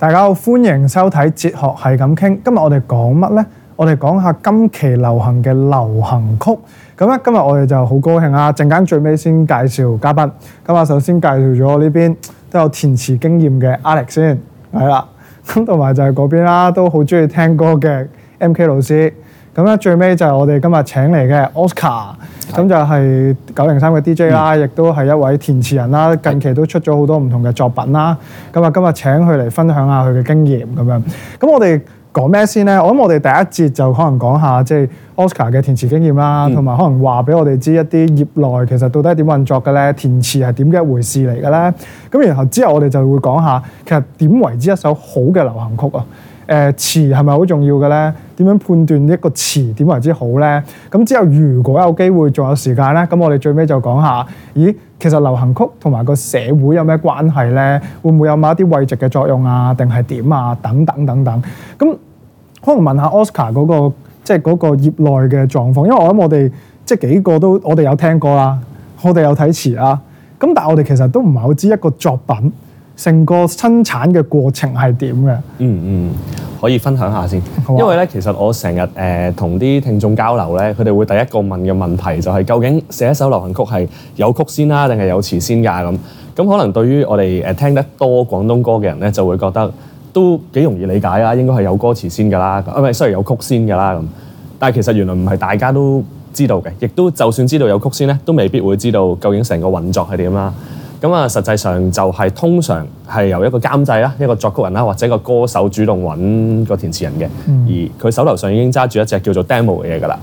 大家好，歡迎收睇《哲學係咁傾》。今日我哋講乜呢？我哋講下今期流行嘅流行曲。咁咧，今日我哋就好高興啊！陣間最尾先介紹嘉賓。今日首先介紹咗我呢邊都有填詞經驗嘅 Alex 先，係啦。咁同埋就係嗰邊啦，都好中意聽歌嘅 MK 老師。咁咧最尾就係我哋今日請嚟嘅 Oscar。咁就係九零三嘅 D J 啦，亦都係一位填詞人啦。近期都出咗好多唔同嘅作品啦。咁啊，今日請佢嚟分享下佢嘅經驗咁樣。咁我哋講咩先呢？我諗我哋第一節就可能講下即係 Oscar 嘅填詞經驗啦，同、嗯、埋可能話俾我哋知一啲業內其實到底點運作嘅咧，填詞係點嘅一回事嚟嘅咧。咁然後之後我哋就會講下其實點為之一首好嘅流行曲啊。誒詞係咪好重要嘅咧？點樣判斷一個詞點為之好咧？咁之後如果有機會仲有時間咧，咁我哋最尾就講下，咦，其實流行曲同埋個社會有咩關係咧？會唔會有某一啲慰藉嘅作用啊？定係點啊？等等等等。咁可能問下 Oscar 嗰個，即係嗰個業內嘅狀況，因為我諗我哋即係幾個都我哋有聽過啦，我哋有睇詞啦。咁但係我哋其實都唔係好知一個作品。成個生產嘅過程係點嘅？嗯嗯，可以分享下先，啊。因為咧，其實我成日誒同啲聽眾交流咧，佢哋會第一個問嘅問題就係：究竟寫一首流行曲係有曲先啦，定係有詞先㗎？咁咁可能對於我哋誒聽得多廣東歌嘅人咧，就會覺得都幾容易理解啦。應該係有歌詞先㗎啦，啊，唔係，雖然有曲先㗎啦咁。但係其實原來唔係大家都知道嘅，亦都就算知道有曲先咧，都未必會知道究竟成個運作係點啦。咁啊，實際上就係通常係由一個監製啦、一個作曲人啦，或者個歌手主動揾個填詞人嘅、嗯，而佢手頭上已經揸住一隻叫做 demo 嘅嘢㗎啦。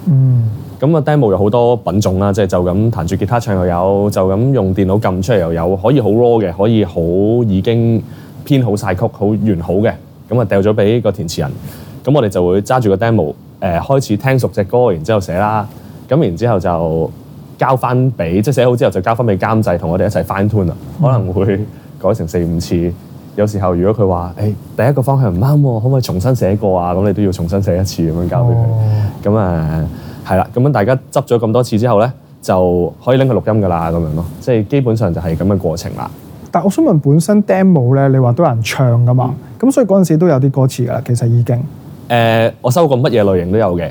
咁、嗯、啊，demo 有好多品種啦，即係就咁、是、彈住吉他唱又有，就咁用電腦撳出嚟又有，可以好 raw 嘅，可以好已經編好晒曲、好完好嘅，咁啊掉咗俾個填詞人。咁我哋就會揸住個 demo，誒、呃、開始聽熟隻歌，然之後寫啦。咁然之後就交翻俾，即係寫好之後就交翻俾監製同我哋一齊翻 tune 啊，可能會改成四五次。有時候如果佢話誒，第一個方向唔啱喎，可唔可以重新寫過啊？咁你都要重新寫一次咁樣交俾佢。咁、哦、啊係啦，咁樣大家執咗咁多次之後咧，就可以拎佢錄音噶啦，咁樣咯，即係基本上就係咁嘅過程啦。但係我想問，本身 demo 咧，你話都有人唱噶嘛？咁、嗯、所以嗰陣時都有啲歌詞噶啦，其實已經誒、呃，我收過乜嘢類型都有嘅，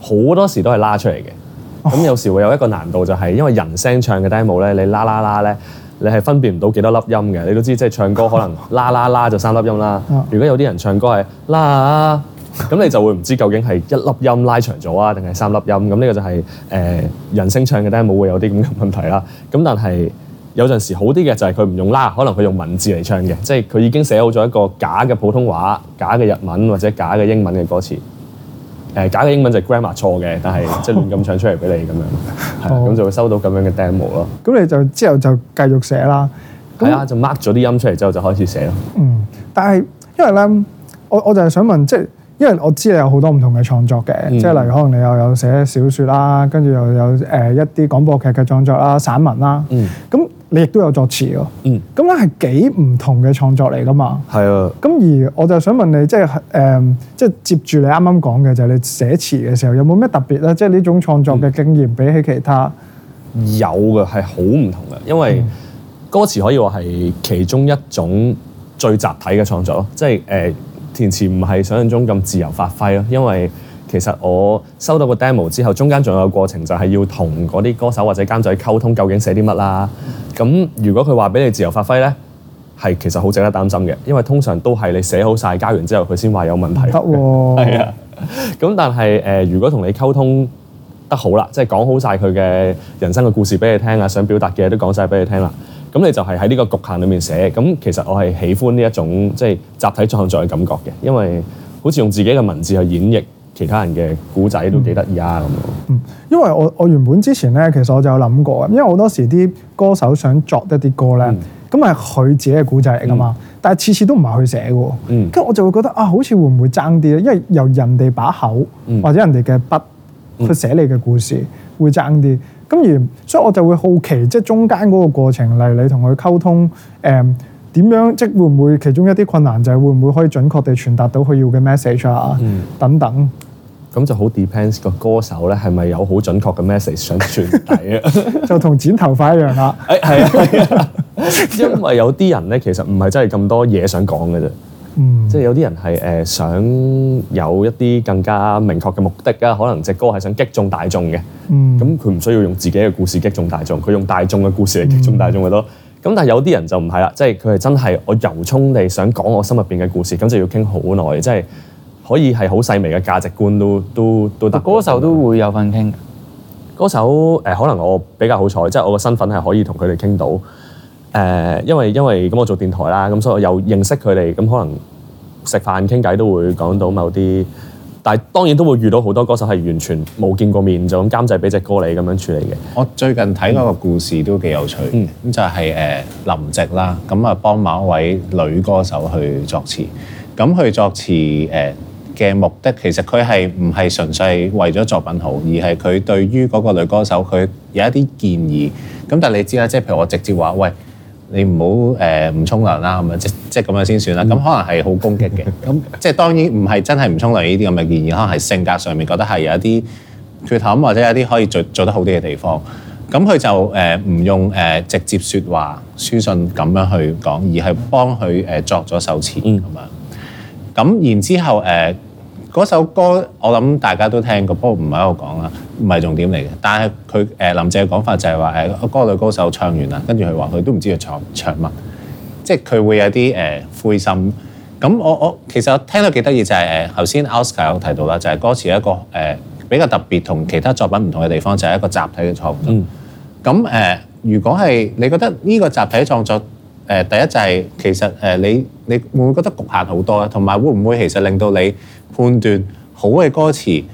好多時都係拉出嚟嘅。咁有時會會有一個難度就係，因為人聲唱嘅 demo 咧，你啦啦啦咧，你係分辨唔到幾多粒音嘅。你都知即係唱歌可能啦啦啦就三粒音啦。如果有啲人唱歌係啦，咁你就會唔知究竟係一粒音拉長咗啊，定係三粒音？咁呢個就係誒、呃、人聲唱嘅 demo 會有啲咁嘅問題啦。咁但係有陣時好啲嘅就係佢唔用啦，可能佢用文字嚟唱嘅，即係佢已經寫好咗一個假嘅普通話、假嘅日文或者假嘅英文嘅歌詞。誒，假嘅英文就係 grammar 錯嘅，但係即係亂咁唱出嚟俾你咁樣，係 咁就會收到咁樣嘅 demo 咯。咁、哦、你就之後就繼續寫啦，咁啊就 mark 咗啲音出嚟之後就開始寫咯。嗯，但係因為咧，我我就係想問，即係。因為我知你有好多唔同嘅創作嘅，即、嗯、係例如可能你又有寫小說啦，跟住又有誒、呃、一啲廣播劇嘅創作啦、散文啦，咁、嗯、你亦都有作詞嘅，咁咧係幾唔同嘅創作嚟㗎嘛？係啊。咁而我就想問你，即係誒，即係接住你啱啱講嘅，就係、是、你，你寫詞嘅時候有冇咩特別咧？即係呢種創作嘅經驗、嗯、比起其他有嘅係好唔同嘅，因為歌詞可以話係其中一種最集體嘅創作咯，即係誒。呃填詞唔係想象中咁自由發揮咯，因為其實我收到個 demo 之後，中間仲有個過程，就係要同嗰啲歌手或者監仔溝通，究竟寫啲乜啦。咁如果佢話俾你自由發揮呢，係其實好值得擔心嘅，因為通常都係你寫好晒交完之後，佢先話有問題。得喎，係啊。咁 但係誒、呃，如果同你溝通得好啦，即係講好晒佢嘅人生嘅故事俾你聽啊，想表達嘅嘢都講晒俾你聽啦。咁你就係喺呢個局限裏面寫，咁其實我係喜歡呢一種即係、就是、集體創作嘅感覺嘅，因為好似用自己嘅文字去演繹其他人嘅古仔都幾得意啊咁。嗯，因為我我原本之前咧，其實我就有諗過啊，因為好多時啲歌手想作一啲歌咧，咁係佢自己嘅古仔嚟噶嘛，但係次次都唔係佢寫嘅，跟、嗯、住我就會覺得啊，好似會唔會爭啲咧？因為由人哋把口、嗯、或者人哋嘅筆去、嗯、寫你嘅故事，嗯、會爭啲。咁而所以我就會好奇，即係中間嗰個過程，例如你同佢溝通，誒、嗯、點樣，即係會唔會其中一啲困難就係會唔會可以準確地傳達到佢要嘅 message 啊、嗯？等等。咁就好 depends 個歌手咧，係咪有好準確嘅 message 想傳遞啊？ 就同剪頭髮一樣啦。誒 係、哎、啊，啊 因為有啲人咧，其實唔係真係咁多嘢想講嘅啫。嗯、即係有啲人係誒、呃、想有一啲更加明確嘅目的啦，可能隻歌係想擊中大眾嘅。咁佢唔需要用自己嘅故事擊中大眾，佢用大眾嘅故事嚟擊中大眾嘅囉。咁、嗯、但係有啲人就唔係啦，即係佢係真係我由衷地想講我心入邊嘅故事，咁就要傾好耐，即、就、係、是、可以係好細微嘅價值觀都都都得。歌手都會有份傾嘅，歌手誒、呃、可能我比較好彩，即、就、係、是、我嘅身份係可以同佢哋傾到。誒、呃，因為因為咁、嗯，我做電台啦，咁、嗯、所以我又認識佢哋，咁、嗯嗯、可能食飯傾偈都會講到某啲，但係當然都會遇到好多歌手係完全冇見過面就咁監製俾隻歌你咁樣處理嘅。我最近睇到個故事都幾有趣，咁、嗯、就係、是、誒、呃、林夕啦，咁啊幫某位女歌手去作詞，咁去作詞誒嘅、呃、目的其實佢係唔係純粹為咗作品好，而係佢對於嗰個女歌手佢有一啲建議。咁但係你知啦，即係譬如我直接話喂。你唔好誒唔沖涼啦，咁、呃就是就是、樣即即咁樣先算啦。咁、嗯、可能係好攻擊嘅，咁即係當然唔係真係唔沖涼呢啲咁嘅建議，而可能係性格上面覺得係有一啲缺陷或者有啲可以做做得好啲嘅地方。咁佢就誒唔、呃、用誒、呃、直接説話書信咁樣去講，而係幫佢誒、呃、作咗首詞咁、嗯、樣。咁然之後誒。呃嗰首歌我諗大家都聽過，不過唔喺度講啦，唔係重點嚟嘅。但係佢誒林夕嘅講法就係話誒歌女歌手唱完啦，跟住佢話佢都唔知佢唱唱乜，即係佢會有啲誒、呃、灰心。咁我我其實我聽到幾得意就係誒頭先 Oscar 有提到啦，就係、是、歌詞一個誒、呃、比較特別同其他作品唔同嘅地方，就係、是、一個集體嘅創作。咁、嗯、誒、呃，如果係你覺得呢個集體嘅創作誒、呃，第一就係、是、其實誒、呃、你你會唔會覺得局限好多咧？同埋會唔會其實令到你判斷好嘅歌詞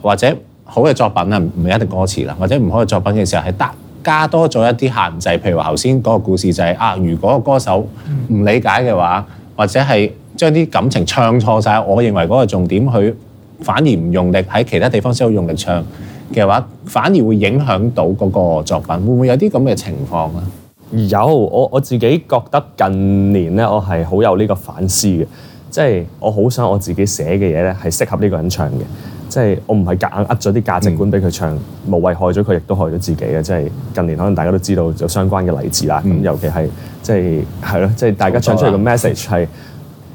或者好嘅作品啊，唔係一定歌詞啦，或者唔好嘅作品嘅時候，係加多咗一啲限制。譬如話頭先嗰個故事就係、是、啊，如果個歌手唔理解嘅話，或者係將啲感情唱錯晒，我認為嗰個重點，佢反而唔用力喺其他地方先用力唱嘅話，反而會影響到嗰個作品。會唔會有啲咁嘅情況啊？有，我我自己覺得近年咧，我係好有呢個反思嘅。即係我好想我自己寫嘅嘢咧，係適合呢個人唱嘅。即係我唔係夾硬噏咗啲價值觀俾佢唱，嗯，無謂害咗佢，亦都害咗自己嘅。即係近年可能大家都知道有相關嘅例子啦。咁、嗯、尤其係即係係咯，即係大家唱出嚟嘅 message 係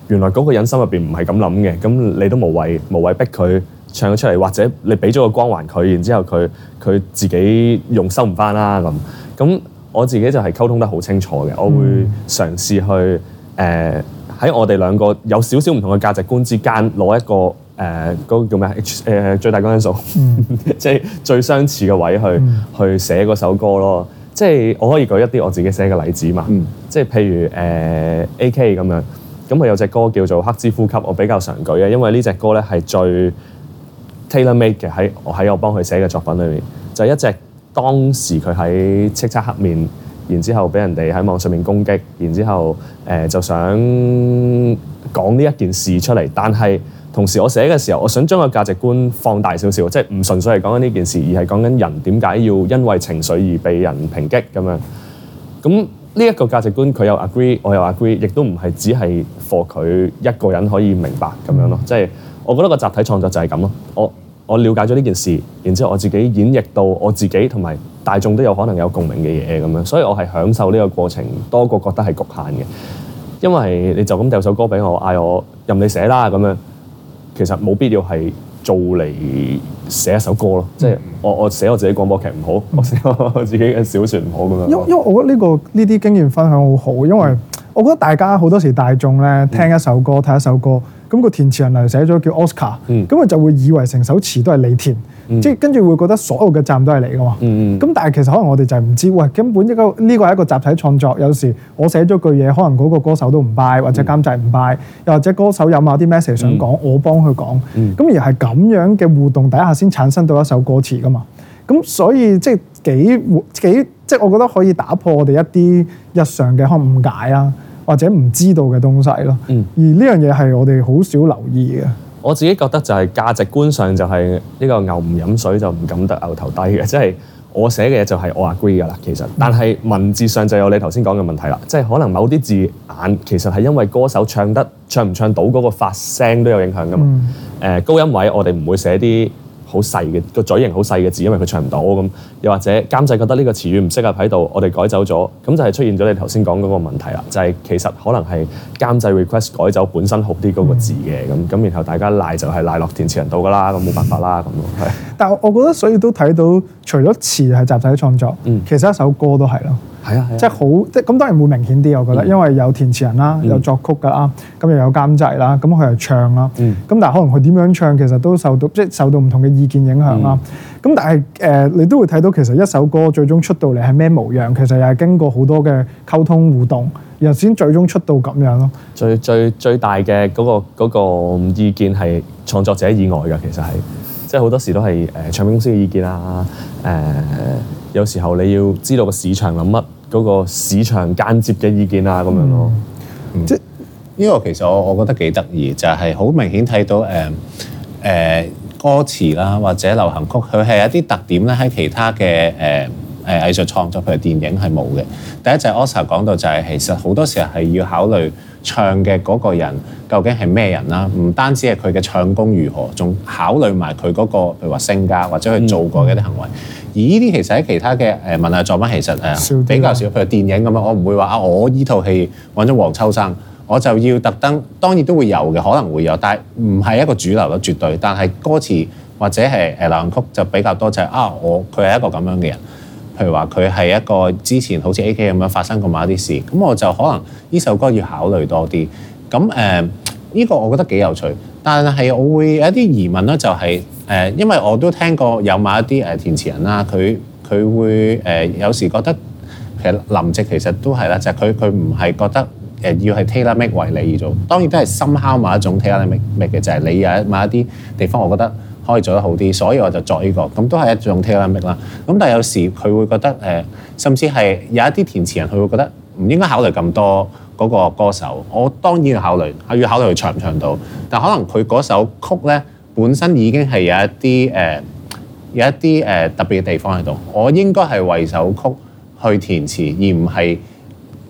原來嗰個人心入邊唔係咁諗嘅。咁你都無謂無謂逼佢唱咗出嚟，或者你俾咗個光環佢，然之後佢佢自己用收唔翻啦咁。咁我自己就係溝通得好清楚嘅，嗯，我會嘗試去誒。呃喺我哋兩個有少少唔同嘅價值觀之間，攞一個誒嗰、呃那個、叫咩誒、呃、最大公因數，即、嗯、係 最相似嘅位置去、嗯、去寫嗰首歌咯。即係我可以舉一啲我自己寫嘅例子嘛。嗯、即係譬如誒、呃、A K 咁樣，咁佢有隻歌叫做《黑之呼吸》，我比較常舉嘅，因為這呢隻歌咧係最 tailor-made 嘅喺我喺我幫佢寫嘅作品裏面，就係、一隻當時佢喺叱咤黑面。然之後俾人哋喺網上面攻擊，然之後誒、呃、就想講呢一件事出嚟，但係同時我寫嘅時候，我想將個價值觀放大少少，即係唔純粹係講緊呢件事，而係講緊人點解要因為情緒而被人抨擊咁樣。咁呢一個價值觀，佢又 agree，我又 agree，亦都唔係只係 for 佢一個人可以明白咁樣咯。即係我覺得個集體創作就係咁咯。我我了解咗呢件事，然之後我自己演繹到我自己同埋大眾都有可能有共鳴嘅嘢咁樣，所以我係享受呢個過程多過覺得係局限嘅。因為你就咁掉首歌俾我，嗌我任你寫啦咁樣，其實冇必要係做嚟寫一首歌咯。即、嗯、係、就是、我我寫我自己廣播劇唔好，嗯、我寫我自己嘅小説唔好咁樣。因因為我覺得呢、這個呢啲經驗分享好好，因為我覺得大家好多時大眾咧聽一首歌睇、嗯、一首歌。咁、個填詞人嚟寫咗叫 Oscar，咁、嗯、佢就會以為成首詞都係你填，即係跟住會覺得所有嘅站都係你噶嘛。咁、嗯嗯、但係其實可能我哋就係唔知，喂，根本呢個呢個係一個集體創作。有時我寫咗句嘢，可能嗰個歌手都唔 buy，或者監製唔 buy，又或者歌手有某啲 message 想講、嗯，我幫佢講。咁、嗯、而係咁樣嘅互動底下，先產生到一首歌詞噶嘛。咁所以即係、即係、幾活即係我覺得可以打破我哋一啲日常嘅可能誤解啦、啊。或者唔知道嘅東西咯、嗯，而呢樣嘢係我哋好少留意嘅。我自己覺得就係價值觀上就係呢個牛唔飲水就唔敢得牛頭低嘅，即係我寫嘅嘢就係我 agree 噶啦。其實，但係文字上就有你頭先講嘅問題啦，即係可能某啲字眼其實係因為歌手唱得唱唔唱到嗰個發聲都有影響噶嘛。誒、嗯呃、高音位我哋唔會寫啲好細嘅個嘴型，好細嘅字，因為佢唱唔到咁，又或者監製覺得呢個詞語唔適合喺度，我哋改走咗，咁就係出現咗你頭先講嗰個問題啦，就係、是、其實可能係監製 request 改走本身好啲嗰個字嘅咁，咁然後大家賴就係賴落填詞人度㗎啦，咁冇辦法啦咁，係。但係我覺得所以都睇到。除咗詞係集體創作、嗯，其實一首歌都係咯，係啊，即係好即係咁，就是、當然會明顯啲，我覺得、嗯，因為有填詞人啦，有作曲㗎啦，咁、嗯、又有監製啦，咁佢係唱啦，咁、嗯、但係可能佢點樣唱，其實都受到即係受到唔同嘅意見影響啦。咁、嗯、但係誒、呃，你都會睇到其實一首歌最終出到嚟係咩模樣，其實又係經過好多嘅溝通互動，然後先最終出到咁樣咯。最最最大嘅嗰、嗰個嗰個嗰個意見係創作者以外嘅，其實係。即係好多時都係誒、呃、唱片公司嘅意見啊！誒、呃、有時候你要知道個市場諗乜，嗰、那個市場間接嘅意見啊咁樣咯、嗯嗯。即呢、這個其實我我覺得幾得意，就係、是、好明顯睇到誒誒、呃呃、歌詞啦，或者流行曲佢係有一啲特點咧，喺其他嘅誒誒藝術創作譬如電影係冇嘅。第一就係 Oscar 講到就係、是、其實好多時候係要考慮唱嘅嗰個人究竟係咩人啦、啊？唔單止係佢嘅唱功如何，仲考慮埋佢嗰個，譬如話性格或者佢做過嘅啲行為。嗯、而呢啲其實喺其他嘅誒文藝作品，其實誒比較少。譬如電影咁樣，我唔會話啊，我依套戲揾咗黃秋生，我就要特登。當然都會有嘅，可能會有，但係唔係一個主流咯，絕對。但係歌詞或者係誒流行曲就比較多，就係、是、啊，我佢係一個咁樣嘅人。譬如話佢係一個之前好似 A K 咁樣發生過某一啲事，咁我就可能呢首歌要考慮多啲。咁誒呢個我覺得幾有趣，但係我會有一啲疑問啦、就係，就係誒，因為我都聽過有某一啲誒填詞人啦，佢佢會誒、呃、有時覺得其實林夕其實都係啦，就係佢佢唔係覺得誒要係 tailor-made 為你而做，當然都係深敲某一種 tailor-made 嘅，就係你有一某一啲地方，我覺得。可以做得好啲，所以我就作呢、這個，咁都係一種 t e a c h i c 啦。咁但係有時佢會覺得誒，甚至係有一啲填詞人，佢會覺得唔應該考慮咁多嗰個歌手。我當然要考慮，我要考慮佢唱唔唱到。但可能佢嗰首曲咧本身已經係有一啲誒，有一啲誒特別嘅地方喺度。我應該係為首曲去填詞，而唔係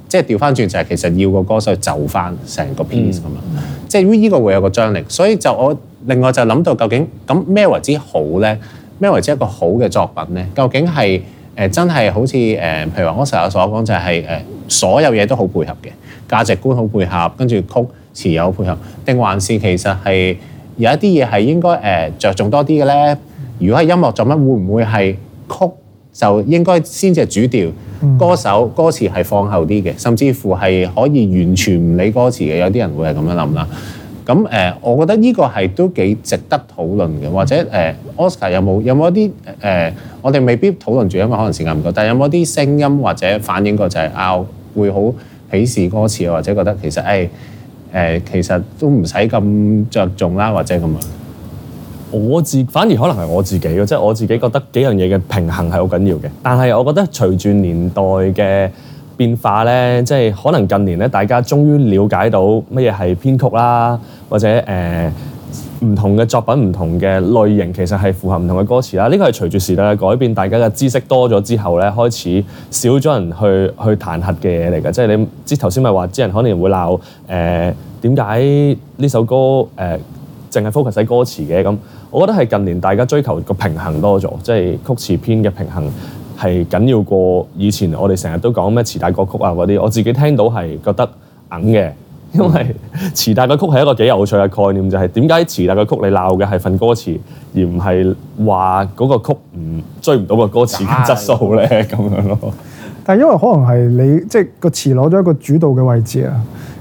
即係調翻轉就係、是、其實要個歌手就翻成個 piece 咁樣。即係呢個會有個張力，所以就我。另外就諗到究竟咁咩為之好咧？咩為之一個好嘅作品咧？究竟係、呃、真係好似、呃、譬如我實有所講，就係、是呃、所有嘢都好配合嘅，價值觀好配合，跟住曲詞有配合，定還是其實係有一啲嘢係應該着、呃、重多啲嘅咧？如果係音樂作品，會唔會係曲就應該先至主調，嗯、歌手歌詞係放後啲嘅，甚至乎係可以完全唔理歌詞嘅？有啲人會係咁樣諗啦。咁誒、呃，我覺得呢個係都幾值得討論嘅，或者誒、呃、Oscar 有冇有冇一啲誒、呃，我哋未必討論住，因為可能時間唔夠，但有冇一啲聲音或者反映過就係、是、啊，我會好鄙視歌詞啊，或者覺得其實誒誒、哎呃，其實都唔使咁着重啦，或者咁樣。我自反而可能係我自己，即、就、係、是、我自己覺得幾樣嘢嘅平衡係好緊要嘅。但係我覺得隨住年代嘅變化咧，即係可能近年咧，大家終於了解到乜嘢係編曲啦，或者誒唔同嘅作品、唔同嘅類型，其實係符合唔同嘅歌詞啦。呢個係隨住時代嘅改變，大家嘅知識多咗之後咧，開始少咗人去去彈劾嘅嘢嚟㗎。即係你知頭先咪話，啲人可能會鬧誒點解呢首歌誒淨係 focus 喺歌詞嘅咁。噉我覺得係近年大家追求個平衡多咗，即係曲詞編嘅平衡。係緊要過以前，我哋成日都講咩磁帶歌曲啊嗰啲，我自己聽到係覺得硬嘅，因為磁帶嘅曲係一個幾有趣嘅概念，就係點解磁帶嘅曲你鬧嘅係份歌詞，而唔係話嗰個曲唔追唔到個歌詞嘅質素咧咁樣咯。但係因為可能係你即係個詞攞咗一個主導嘅位置啊，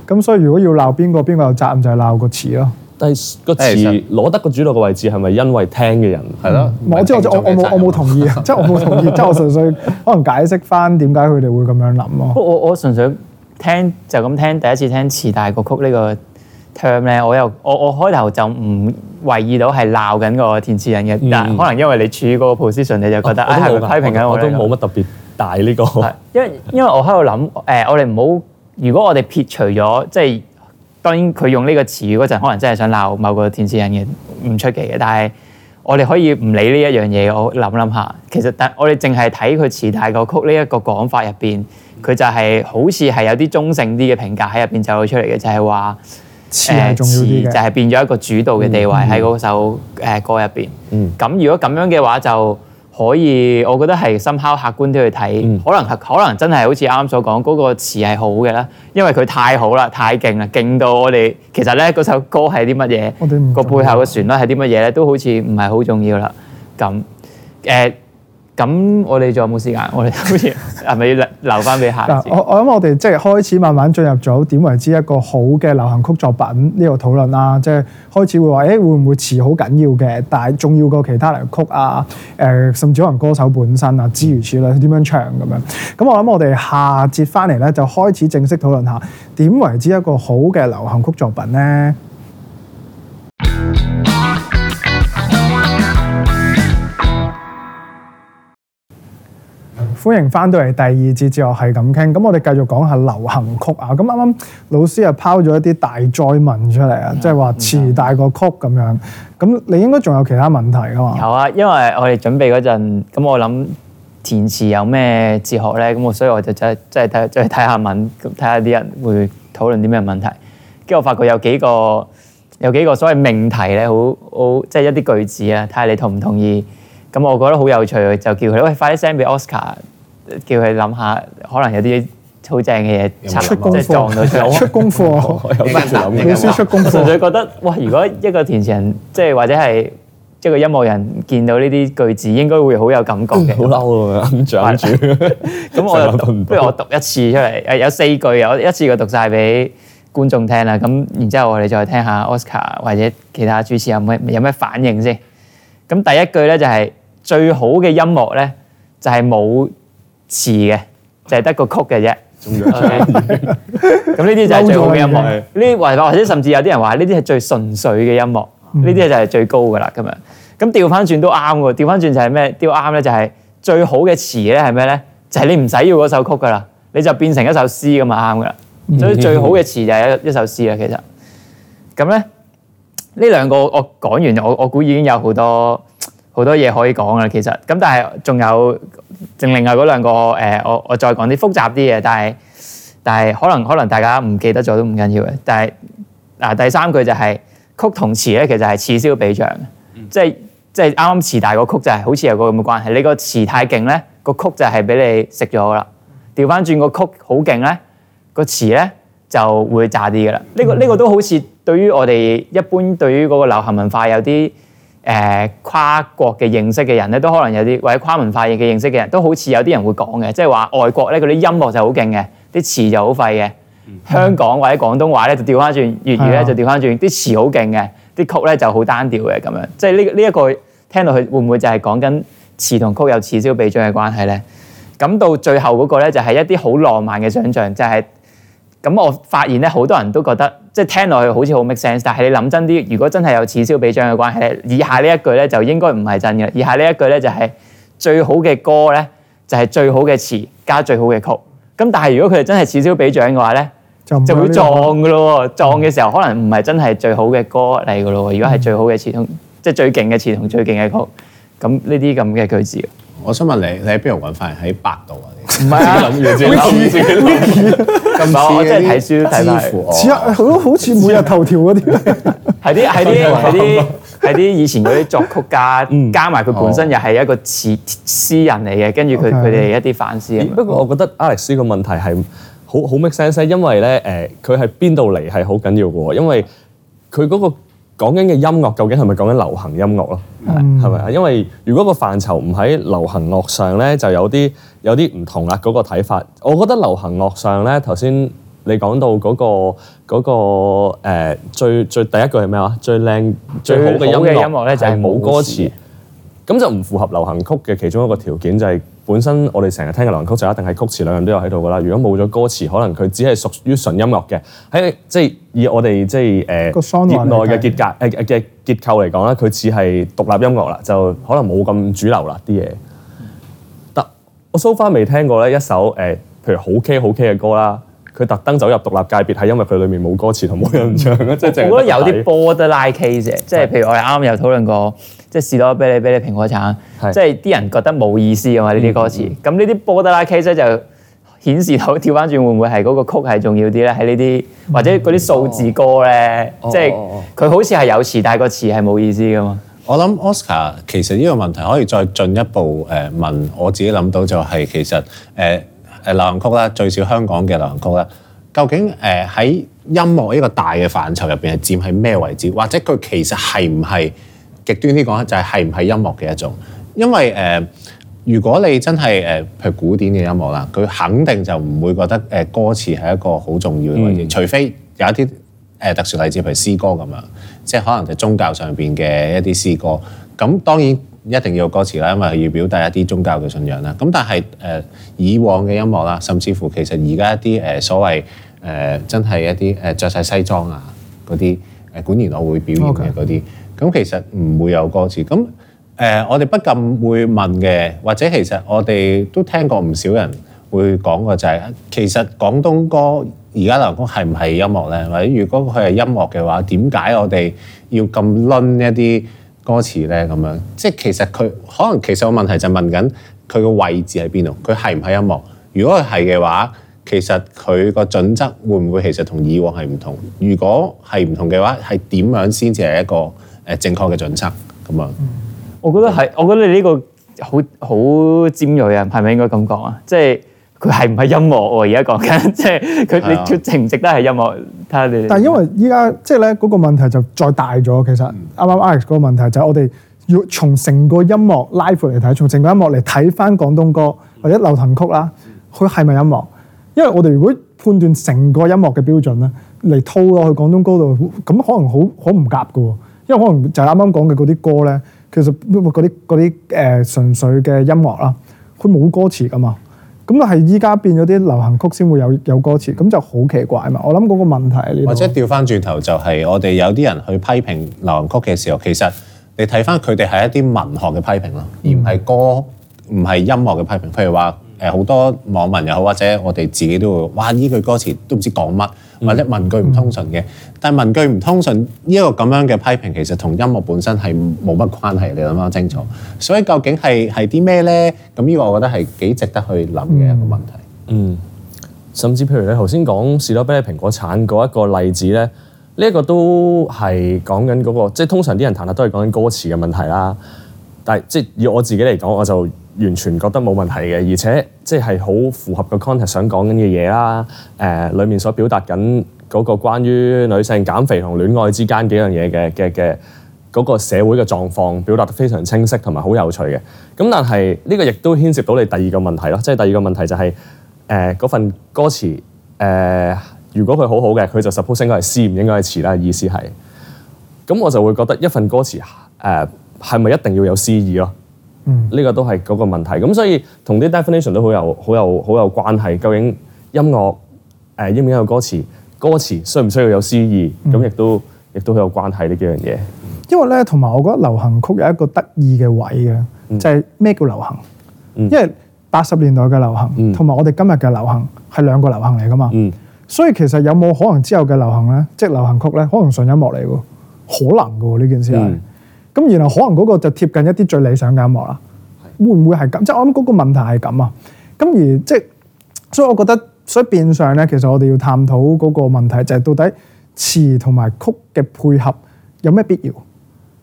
咁所以如果要鬧邊個，邊個有責任就係鬧個詞咯。係個詞攞得個主流嘅位置係咪因為聽嘅人係咯？唔、嗯、係，我知我我冇我冇同意啊！即係我冇同意，即 係我，我純粹可能解釋翻點解佢哋會咁樣諗咯。 我我我純粹聽就咁聽，第一次聽詞大、個曲呢個 term 咧，我又我我開頭就唔懷疑到係鬧緊個填詞人嘅、嗯，但可能因為你處於嗰個 position，你就覺得係、啊哎、批評緊我。都冇乜特別大呢個。 因為因為我喺度諗誒，我哋唔好如果我哋撇除咗即係。當然佢用呢個詞語嗰陣，可能真係想鬧某個電視人嘅，唔出奇嘅。但係我哋可以唔理呢一樣嘢，我諗諗下，其實但我哋淨係睇佢詞大過曲呢一個講法入邊，佢就係好似係有啲中性啲嘅評價喺入邊走咗出嚟嘅，就係、是、話詞，詞就係變咗一個主導嘅地位喺嗰首誒歌入邊。嗯，咁、嗯、如果咁樣嘅話就。可以，我覺得係深刻客觀啲去睇、嗯，可能可能真係好似啱啱所講嗰、嗰個詞係好嘅啦，因為佢太好啦，太勁啦，勁到我哋其實咧嗰首歌係啲乜嘢，個背後嘅旋律係啲乜嘢咧，都好似唔係好重要啦。咁誒，咁、呃、我哋仲有冇時間？我哋好似。 係咪留翻俾下節？我我諗我哋即係開始慢慢進入咗點為之一個好嘅流行曲作品呢個討論啦。即係開始會話，誒、欸、會唔會詞好緊要嘅？但係重要過其他流行曲啊。呃、甚至可能歌手本身啊，諸如此類點樣唱咁樣。咁我諗我哋下節翻嚟咧就開始正式討論下點為之一個好嘅流行曲作品咧。歡迎翻到嚟第二節哲學係咁傾。咁我哋繼續講下流行曲啊。咁啱啱老師又拋咗一啲大哉問出嚟啊、嗯，即係話詞大過曲咁樣。咁你應該仲有其他問題噶嘛？有啊，因為我哋準備嗰陣，咁我諗填詞有咩哲學咧？咁我所以我就再即係睇再睇下文，睇下啲人會討論啲咩問題。跟住我發覺有幾個有幾個所謂命題咧，好好即係一啲句子啊，睇下你同唔同意。咁我覺得好有趣，就叫佢喂，快啲 send 俾 Oscar。叫佢諗下，可能有啲好正嘅嘢，即係、就是、撞到出功課。老師 出功課，純粹覺得哇！如果一個填詞人，即係或者係一個音樂人，見到呢啲句子，應該會好有感覺嘅。好嬲啊！咁、嗯、 就咁，我、嗯、又不，不如我讀一次出嚟。誒，有四句，我一次過讀晒俾觀眾聽啦。咁然之後，我哋再聽下 Oscar 或者其他主持人有咩有咩反應先。咁第一句咧就係、是、最好嘅音樂咧，就係冇詞嘅就係得個曲嘅啫，咁呢啲就係最好嘅音樂。呢啲或、或者甚至有啲人話呢啲係最純粹嘅音樂，呢、嗯、啲就係最高噶啦咁啊！咁調翻轉都啱喎，調翻轉就係咩？調啱咧就係、是、最好嘅詞咧係咩咧？就係、是、你唔使要嗰首曲噶啦，你就變成一首詩咁啊啱噶啦。所以最好嘅詞就係一首詩啊，其實咁咧呢兩個我講完，我我估已經有好多。好多嘢可以講㗎，其實咁，但係仲有剩另外嗰兩個，呃、我我再講啲複雜啲嘢。但係但係可能可能大家唔記得咗都唔緊要嘅。但係嗱，啊、第三句就係、是、曲同詞咧，其實係此消彼長，即係即係啱啱詞大過曲就係、是、好似有個咁嘅關係。你個詞太勁咧，曲了了個曲就係俾你食咗噶啦。調翻轉個曲好勁咧，個詞咧就會炸啲嘅啦。呢，這個呢，這個都好似對於我哋一般對於嗰個流行文化有啲。誒、呃、跨國嘅認識嘅人咧，都可能有啲或者跨文化嘅認識嘅人都好似有啲人會講嘅，即係話外國咧嗰啲音樂就好勁嘅，啲詞就好廢嘅。香港或者廣東話咧就調翻轉，粵語咧就調翻轉，啲詞好勁嘅，啲曲咧就好單調嘅咁樣。即係呢呢一個、這個、聽落去會唔會就係講緊詞同曲有此消彼長嘅關係咧？咁到最後嗰個咧就係、是、一啲好浪漫嘅想像，就係、是、咁。那我發現咧好多人都覺得。即係聽落去好似好 make sense，但係你諗真啲，如果真係有此消彼長嘅關係咧，以下呢一句咧就應該唔係真嘅。以下呢一句咧就係最好嘅歌咧，就係最好嘅詞加最好嘅曲。咁但係如果佢哋真係此消彼長嘅話咧，就，就會撞嘅咯喎，撞嘅時候可能唔係真係最好嘅歌嚟嘅咯喎。如果係最好嘅詞同、嗯、即係最勁嘅詞同最勁嘅曲，咁呢啲咁嘅句子。.我想問你，你喺邊度揾翻？喺百度啊！唔係啊，咁似，咁似，咁似，我即係睇資料，睇翻似啊！好好似每日頭條嗰啲，係啲係啲係啲係啲以前嗰啲作曲家，嗯、加埋佢本身又係一個詞詩人嚟嘅，跟住佢佢哋一啲反思、嗯。不過我覺得 a Alex 個問題係好好 make sense，因為咧誒，佢係邊度嚟係好緊要嘅喎，因為佢嗰個。講緊嘅音樂究竟係咪講緊流行音樂咯？係咪、嗯、啊？因為如果個範疇唔喺流行樂上咧，就有啲有啲唔同啦。嗰個睇法，我覺得流行樂上咧，頭先你講到嗰個、嗰個呃、最最第一句係咩話？最靚最好嘅音嘅音樂咧就係冇歌詞，咁就唔符合流行曲嘅其中一個條件就係、係。本身我哋成日聽嘅流行曲就是一定係曲詞兩樣都有喺度噶啦。如果冇咗歌詞，可能佢只係屬於純音樂嘅。即係以我哋即係誒業內嘅結架嘅結構嚟講，佢只係獨立音樂啦，就可能冇咁主流啦啲嘢。得、嗯、我 so far 未聽過一首、呃、譬如好 K 好 K 嘅歌啦。佢特登走入獨立界別，係因為佢裡面冇歌詞同冇印象，即係淨。我覺得有啲 borderline case，即 係譬如我哋啱啱有討論過，即係士多啤梨啤梨蘋果橙，即係啲人覺得冇意思啊嘛，呢啲歌詞。咁呢啲 borderline case 咧，就顯示到跳翻轉會唔會係嗰個曲係重要啲咧？喺呢啲或者嗰啲數字歌咧，即係佢好似係有詞，但係個詞係冇意思噶嘛。我諗 Oscar 其實呢個問題可以再進一步誒問，我自己諗到就係其實誒。呃誒流行曲啦，最少香港嘅流行曲啦，究竟誒喺音樂呢個大嘅範疇入邊係佔喺咩位置？或者佢其實係唔係極端啲講就係係唔係音樂嘅一種？因為誒、呃，如果你真係誒、呃，譬如古典嘅音樂啦，佢肯定就唔會覺得誒歌詞係一個好重要嘅位置、嗯，除非有一啲誒特殊例子，譬如詩歌咁樣，即係可能就宗教上邊嘅一啲詩歌。咁當然。一定要有歌詞啦，因為要表達一啲宗教嘅信仰啦。咁但係誒以往嘅音樂啦，甚至乎其實而家一啲誒所謂誒真係一啲誒著曬西裝啊嗰啲誒管弦樂會表演嘅嗰啲，咁其實唔會有歌詞。咁誒我哋不禁會問嘅，或者其實我哋都聽過唔少人會講過就係，其實廣東歌而家嚟講流行歌係唔係音樂咧？或者如果佢係音樂嘅話，點解我哋要咁 run 一啲？歌詞咧咁樣，即係其實佢可能其實我問題就係問緊佢個位置喺邊度，佢係唔係音樂？如果佢係嘅話，其實佢個準則會唔會其實同以往係唔同？如果係唔同嘅話，係點樣先至係一個誒正確嘅準則咁樣，嗯？我覺得係，我覺得你呢個好好尖鋭啊，係咪應該咁講啊？即係。佢係唔係音樂喎、啊？而家講緊即係佢，你值唔值得係音樂？睇、嗯、下你。但係因為依家即係咧嗰個問題就再大咗。其實啱啱 Alex 個問題就係我哋要從成個音樂拉闊嚟睇，從成個音樂嚟睇翻廣東歌或者流行曲啦，佢係咪音樂？因為我哋如果判斷成個音樂嘅標準咧嚟套落去廣東歌度，咁可能好好唔夾噶。因為可能就啱啱講嘅嗰啲歌咧，其實嗰啲嗰啲誒純粹嘅音樂啦，佢冇歌詞噶嘛。咁就係依家變咗啲流行曲先會有有歌詞，咁就好奇怪嘛！我諗嗰個問題呢？或者調翻轉頭就係我哋有啲人去批評流行曲嘅時候，其實你睇翻佢哋係一啲文學嘅批評咯，而唔係歌唔係音樂嘅批評。譬如話誒，好多網民又好，或者我哋自己都會，哇！呢句歌詞都唔知講乜。或者文句唔通順嘅、嗯嗯，但係文句唔通順呢一個咁樣嘅批評，其實同音樂本身係冇乜關係。你諗翻清楚，所以究竟係係啲咩咧？咁呢個我覺得係幾值得去諗嘅一個問題嗯。嗯，甚至譬如你頭先講士多啤梨、蘋果、橙嗰一個例子咧，呢一個都係講緊嗰個即係通常啲人彈下都係講緊歌詞嘅問題啦。但係即係以我自己嚟講，我就。完全覺得冇問題嘅，而且即係好符合個 content 想講緊嘅嘢啦。誒、呃，裡面所表達緊嗰個關於女性減肥同戀愛之間幾樣嘢嘅嘅嘅嗰個社會嘅狀況，表達得非常清晰同埋好有趣嘅。咁但係呢、呢個亦都牽涉到你第二個問題咯，即係第二個問題就係誒嗰份歌詞誒、呃，如果佢好好嘅，佢就 supposing 係詩，唔應該係詞啦。意思係，咁我就會覺得一份歌詞誒係咪一定要有詩意咯？呢、嗯這個都係嗰個問題，咁所以同啲 definition 都好有好有好有，有關係。究竟音樂誒應唔應有歌詞？歌詞需唔需要有詩意？咁、嗯、亦都亦都好有關係呢幾樣嘢。因為咧，同埋我覺得流行曲有一個得意嘅位嘅、嗯，就係、是、咩叫流行？嗯、因為八十年代嘅流行，同、嗯、埋我哋今日嘅流行係兩個流行嚟噶嘛。所以其實有冇可能之後嘅流行咧，即係流行曲咧，可能純音樂嚟喎？可能嘅喎。呢件事係。嗯咁然後可能嗰個就貼近一啲最理想嘅音樂啦，會唔會係咁？即係我諗嗰個問題係咁啊。咁而即係，所以我覺得，所以變相咧，其實我哋要探討嗰個問題就係到底詞同埋曲嘅配合有咩必要？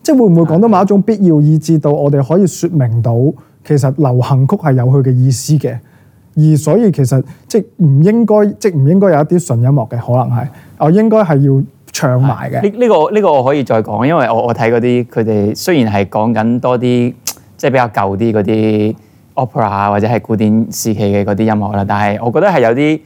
即係會唔會講到某一種必要以至到我哋可以説明到其實流行曲係有佢嘅意思嘅，而所以其實即係唔應該，即係唔應該有一啲純音樂嘅可能係，我應該係要。唱埋嘅呢？呢、呢個呢、呢個我可以再講，因為我我睇嗰啲佢哋雖然係講緊多啲即係比較舊啲嗰啲 opera 啊，或者係古典時期嘅嗰啲音樂啦，但係我覺得係有啲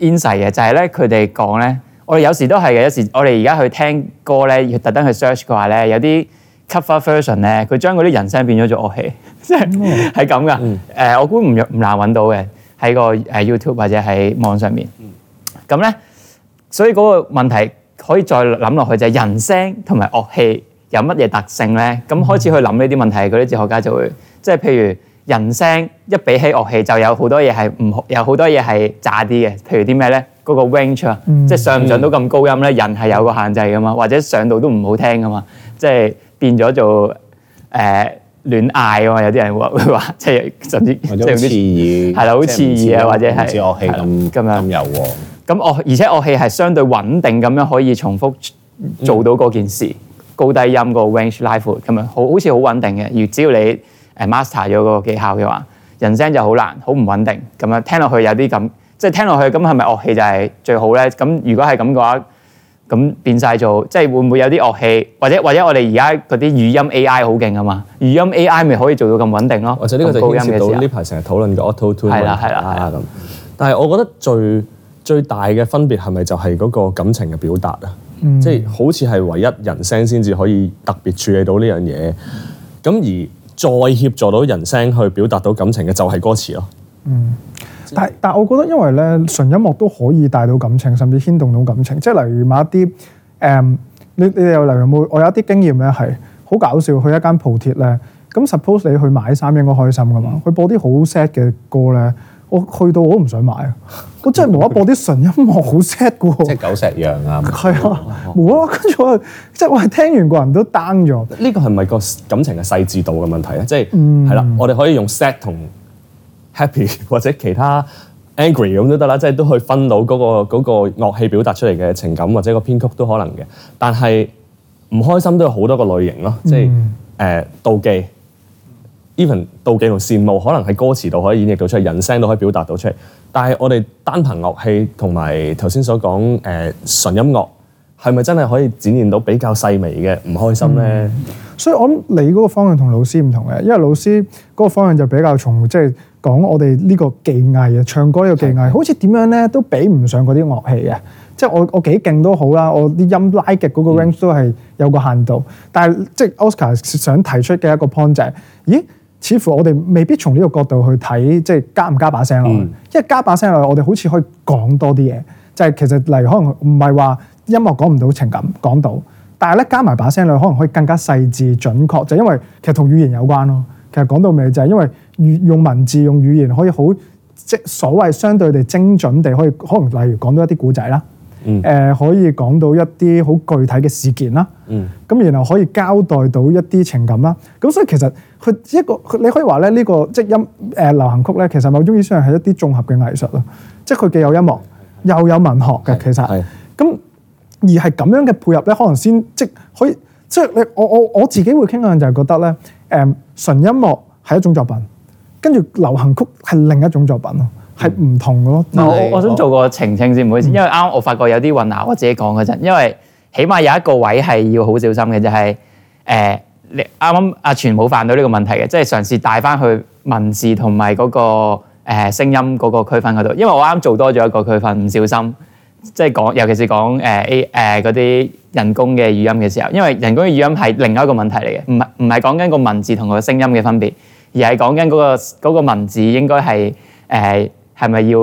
insight 嘅，就係咧佢哋講咧，我哋有時都係嘅，有時我哋而家去聽歌咧，要特登去 search 嘅話咧，有啲 cover version 咧，佢將嗰啲人聲變咗做樂器，即係係咁噶。誒、mm -hmm. 呃，我估唔唔難揾到嘅喺個誒 YouTube 或者喺網上面。咁、mm、咧 -hmm.，所以嗰個問題。可以再諗落去就係、是、人聲同埋樂器有乜嘢特性咧？咁開始去諗呢啲問題，嗰啲哲學家就會即係、就是、譬如人聲一比起樂器，就有好多嘢係唔好，有好多嘢係差啲嘅。譬如啲咩咧？嗰、那個 range、嗯、即係上唔上到咁高音咧、嗯？人係有個限制㗎嘛，或者上到都唔好聽㗎嘛，即係變咗做誒亂嗌喎。有啲人會話即係甚至即或者似係啦，好似意啊，或者係似、就是就是就是、樂器咁咁柔和。咁哦，而且樂器係相對穩定咁樣可以重複做到嗰件事、嗯，高低音個 range life 咁啊，好好似好穩定嘅。而只要你誒 master 咗嗰個技巧嘅話，人聲就好難，好唔穩定咁啊。聽落去有啲咁，即係聽落去咁係咪樂器就係最好咧？咁如果係咁嘅話，咁變晒做即係會唔會有啲樂器，或者或者我哋而家嗰啲語音 A I 好勁啊嘛？語音 A I 咪可以做到咁穩定咯？或者呢個就，高音嘅就牽涉到呢排成日討論嘅 auto tune 係啦係啦係啦咁，但係我覺得最最大嘅分別係咪就係嗰個感情嘅表達啊？即、嗯、係、就是、好似係唯一人聲先至可以特別處理到呢樣嘢，咁、嗯、而再協助到人聲去表達到感情嘅就係歌詞咯。嗯，但但係我覺得因為咧純音樂都可以帶到感情，甚至牽動到感情。即係例如某一啲誒、嗯，你你又例如有冇我有一啲經驗咧，係好搞笑去一間鋪頭咧。咁 suppose 你去買衫應該開心㗎嘛？佢、嗯、播啲好 sad 嘅歌咧。我去到我都唔想買啊！我真係無一播啲純音樂好 sad 嘅喎。即係久石讓啊。係啊，冇、哦、啊。跟住我即係、即係、我係聽完、個人都 down 咗。呢個係咪個感情嘅細緻度嘅問題咧？即係係啦，我哋可以用 sad 同 happy 或者其他 angry 咁、即係、都得啦。即係都去分到嗰、嗰個嗰樂、嗰個、器表達出嚟嘅情感，或者個編曲都可能嘅。但係唔開心都有好多個類型咯。即係誒妒忌。even 妒忌同羨慕，可能喺歌詞度可以演繹到出嚟，人聲都可以表達到出嚟。但係我哋單憑樂器同埋頭先所講誒、呃、純音樂，係咪真係可以展現到比較細微嘅唔開心咧、嗯？所以我諗你嗰個方向同老師唔同嘅，因為老師嗰個方向就比較重，即、就、係、是、講我哋呢個技藝啊，唱歌呢個技藝，技藝好似點樣咧都比唔上嗰啲樂器啊！即、就、係、是、我我幾勁都好啦，我啲音拉極嗰個 range、嗯、都係有個限度。但係即係 Oscar 想提出嘅一個 point 就係、是，咦？似乎我哋未必從呢個角度去睇，即係加唔加把聲咯。因為加把聲落去，我哋好似可以講多啲嘢。就係其實例如可能唔係話音樂講唔到情感，講到，但係咧加埋把聲裏，可能可以更加細緻準確。就因為其實同語言有關咯。其實講到尾就係因為用文字用語言可以好即所謂相對地精準地可以可能例如講到一啲古仔啦。誒、嗯呃、可以講到一啲好具體嘅事件啦，咁、嗯、然後可以交代到一啲情感啦，咁所以其實佢一個你可以話咧呢個即音誒、呃、流行曲咧，其實某種意思上係一啲綜合嘅藝術咯，即係佢既有音樂又有文學嘅其實，咁而係咁樣嘅配合咧，可能先即可以即係你我我我自己會傾向就係覺得咧，誒、呃、純音樂係一種作品，跟住流行曲係另一種作品咯。係唔同嘅咯。我想做個澄清先，唔好意思，嗯、因為啱啱我發覺有啲混淆，我自己講嗰陣，因為起碼有一個位係要好小心嘅，就係誒你啱啱阿全冇犯到呢個問題嘅，即、就、係、是、嘗試帶翻去文字同埋嗰個誒、呃、聲音嗰個區分嗰度。因為我啱做多咗一個區分，唔小心，即係講尤其是講誒 A 誒嗰啲人工嘅語音嘅時候，因為人工嘅語音係另一個問題嚟嘅，唔係唔係講緊個文字同個聲音嘅分別，而係講緊嗰個文字應該係誒。呃係咪要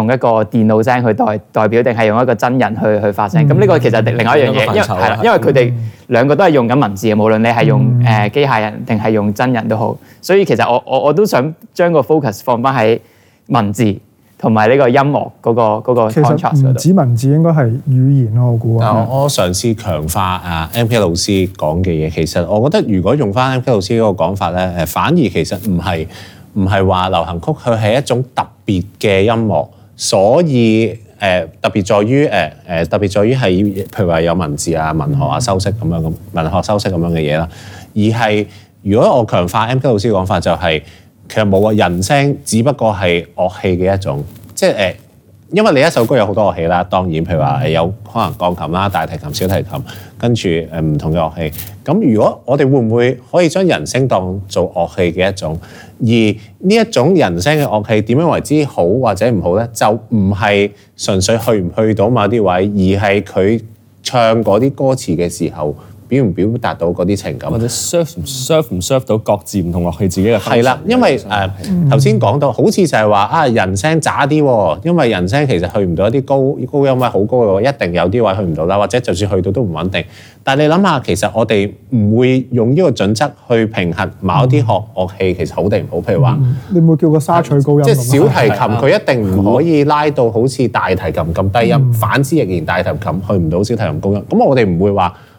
用一個電腦聲去代代表，定係用一個真人去去發聲？咁呢個其實另外一樣嘢，因為係啦，因為佢哋兩個都係用緊文字嘅，無論你係用誒機械人定係用真人都好。所以其實我我我都想將個 focus 放翻喺文字同埋呢個音樂嗰個嗰個 concept 嗰度。文字文字應該係語言咯，我估啊。我我嘗試強化啊 M K 老師講嘅嘢。其實我覺得如果用翻 M K 老師嗰個講法咧，誒反而其實唔係唔係話流行曲，佢係一種特別嘅音樂，所以、呃、特別在於、呃呃、特別在於係，譬如話有文字啊、文學啊、修飾咁樣咁文學修飾咁樣嘅嘢啦。而係如果我強化 MK 老師講法、就係，就係其實冇啊，人聲只不過係樂器嘅一種，即因為你一首歌有好多樂器啦，當然譬如話有可能鋼琴啦、大提琴、小提琴，跟住誒唔同嘅樂器。咁如果我哋會唔會可以將人聲當做樂器嘅一種？而呢一種人聲嘅樂器點樣為之好或者唔好呢？就唔係純粹去唔去到某啲位，而係佢唱嗰啲歌詞嘅時候。表唔表達到嗰啲情感，或者 serve 唔 serve 到各自唔同樂器自己嘅係啦，因為誒頭先講到好似就係話啊人聲渣啲喎，因為人聲其實去唔到一啲高高音位，好高嘅話，一定有啲位去唔到啦，或者就算去到都唔穩定。但係你諗下，其實我哋唔會用呢個準則去平衡某一啲樂樂器、嗯、其實好定唔好，譬如話、嗯、你會叫個沙槌高音，即、嗯、係、就是、小提琴佢、嗯、一定唔可以拉到好似大提琴咁低音，嗯、反之亦然，大提琴去唔到小提琴高音。咁我哋唔會話。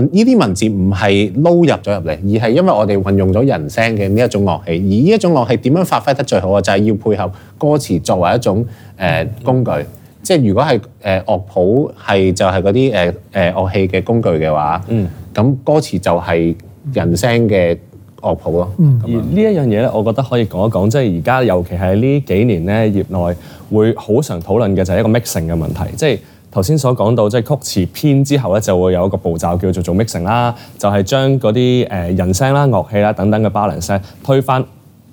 呢啲文字唔係撈入咗入嚟，而係因為我哋運用咗人聲嘅呢一種樂器，而呢一種樂器點樣發揮得最好啊？就係、是、要配合歌詞作為一種誒、呃、工具。嗯、即係如果係誒、呃、樂譜係就係嗰啲誒誒樂器嘅工具嘅話，嗯，咁歌詞就係人聲嘅樂譜咯、嗯。而呢一樣嘢咧，我覺得可以講一講，即係而家尤其係呢幾年咧，業內會好常討論嘅就係一個 mixing 嘅問題，即、就、係、是。頭先所講到即係、就是、曲詞編之後咧，就會有一個步驟叫做做 mixing 啦，就係、是、將嗰啲人聲啦、樂器啦等等嘅 balance 推返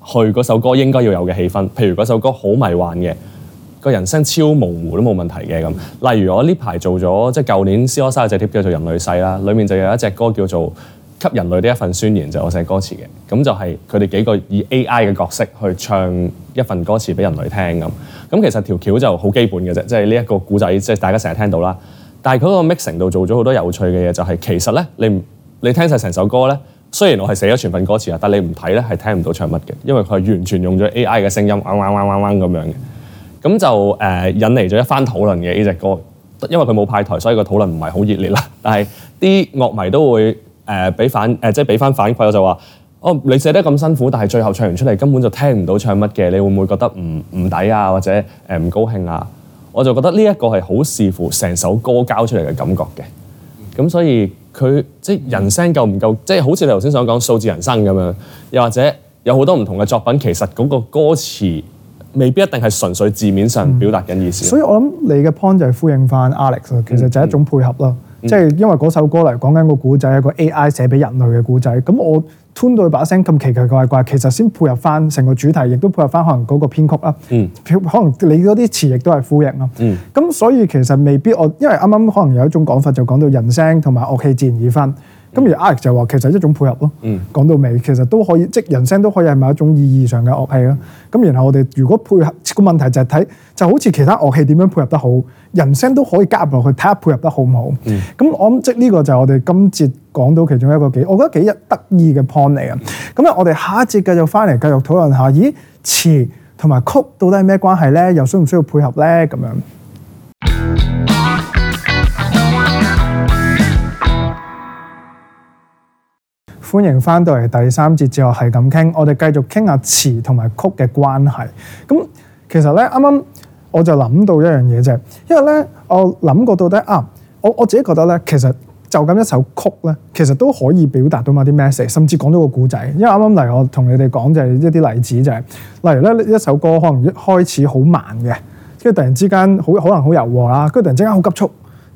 去嗰首歌應該要有嘅氣氛。譬如嗰首歌好迷幻嘅，個人聲超模糊都冇問題嘅咁。例如我呢排做咗即係舊年 COSA 嘅隻碟叫做《人類世》啦，裡面就有一隻歌叫做。給人類的一份宣言就係、是、我寫歌詞嘅。咁就係佢哋幾個以 A.I. 嘅角色去唱一份歌詞俾人類聽，咁咁其實條橋就好基本嘅啫，即係呢一個故仔即係大家成日聽到啦。但係佢個 mixing 度做咗好多有趣嘅嘢，就係、是、其實咧你你聽晒成首歌咧，雖然我係寫咗全份歌詞啊，但係你唔睇咧係聽唔到唱乜嘅，因為佢係完全用咗 A.I. 嘅聲音咁樣嘅。咁就誒、呃、引嚟咗一番討論嘅呢隻歌，因為佢冇派台，所以個討論唔係好熱烈啦。但係啲樂迷都會。誒、呃、俾反誒、呃，即係俾翻反饋我就話：哦，你寫得咁辛苦，但係最後唱完出嚟根本就聽唔到唱乜嘅，你會唔會覺得唔唔抵啊？或者唔、呃、高興啊？我就覺得呢一個係好視乎成首歌交出嚟嘅感覺嘅。咁所以佢即係人聲夠唔夠？即係好似你頭先想講數字人生咁樣，又或者有好多唔同嘅作品，其實嗰個歌詞未必一定係純粹字面上表達緊意思、嗯。所以我諗你嘅 point 就係呼應翻 Alex，其實就係一種配合咯。嗯嗯嗯、即係因為嗰首歌嚟講緊個古仔，一個 AI 寫俾人類嘅古仔，咁我吞到佢把聲咁奇奇怪怪，其實先配合翻成個主題，亦都配合翻可能嗰個編曲啦。嗯，可能你嗰啲詞亦都係呼應啦。嗯，咁所以其實未必我，因為啱啱可能有一種講法就講到人聲同埋樂器自然二分。咁而 Alex 就話其實一種配合咯，講到尾其實都可以，即人聲都可以係某種意義上嘅樂器咧？咁、嗯、然後我哋如果配合個問題就係睇，就好似其他樂器點樣配合得好，人聲都可以加入落去睇下配合得好唔好。咁、嗯、我諗即呢個就係我哋今節講到其中一個幾，我覺得幾得意嘅 point 嚟。咁我哋下一節嘅就翻嚟繼續討論下，咦詞同埋曲到底係咩關係咧？又需唔需要配合咧？咁樣。歡迎翻到嚟第三節哲學係咁傾，我哋繼續傾下詞同埋曲嘅關係。咁其實咧，啱啱我就諗到一樣嘢啫，因為咧，我諗過到底啊，我我自己覺得咧，其實就咁一首曲咧，其實都可以表達到某啲 message，甚至講到個故仔。因為啱啱嚟，我同你哋講就係一啲例子，就係，就係例如咧，一首歌可能一開始好慢嘅，跟住突然之間好可能好柔和啦，跟住突然之間好急促。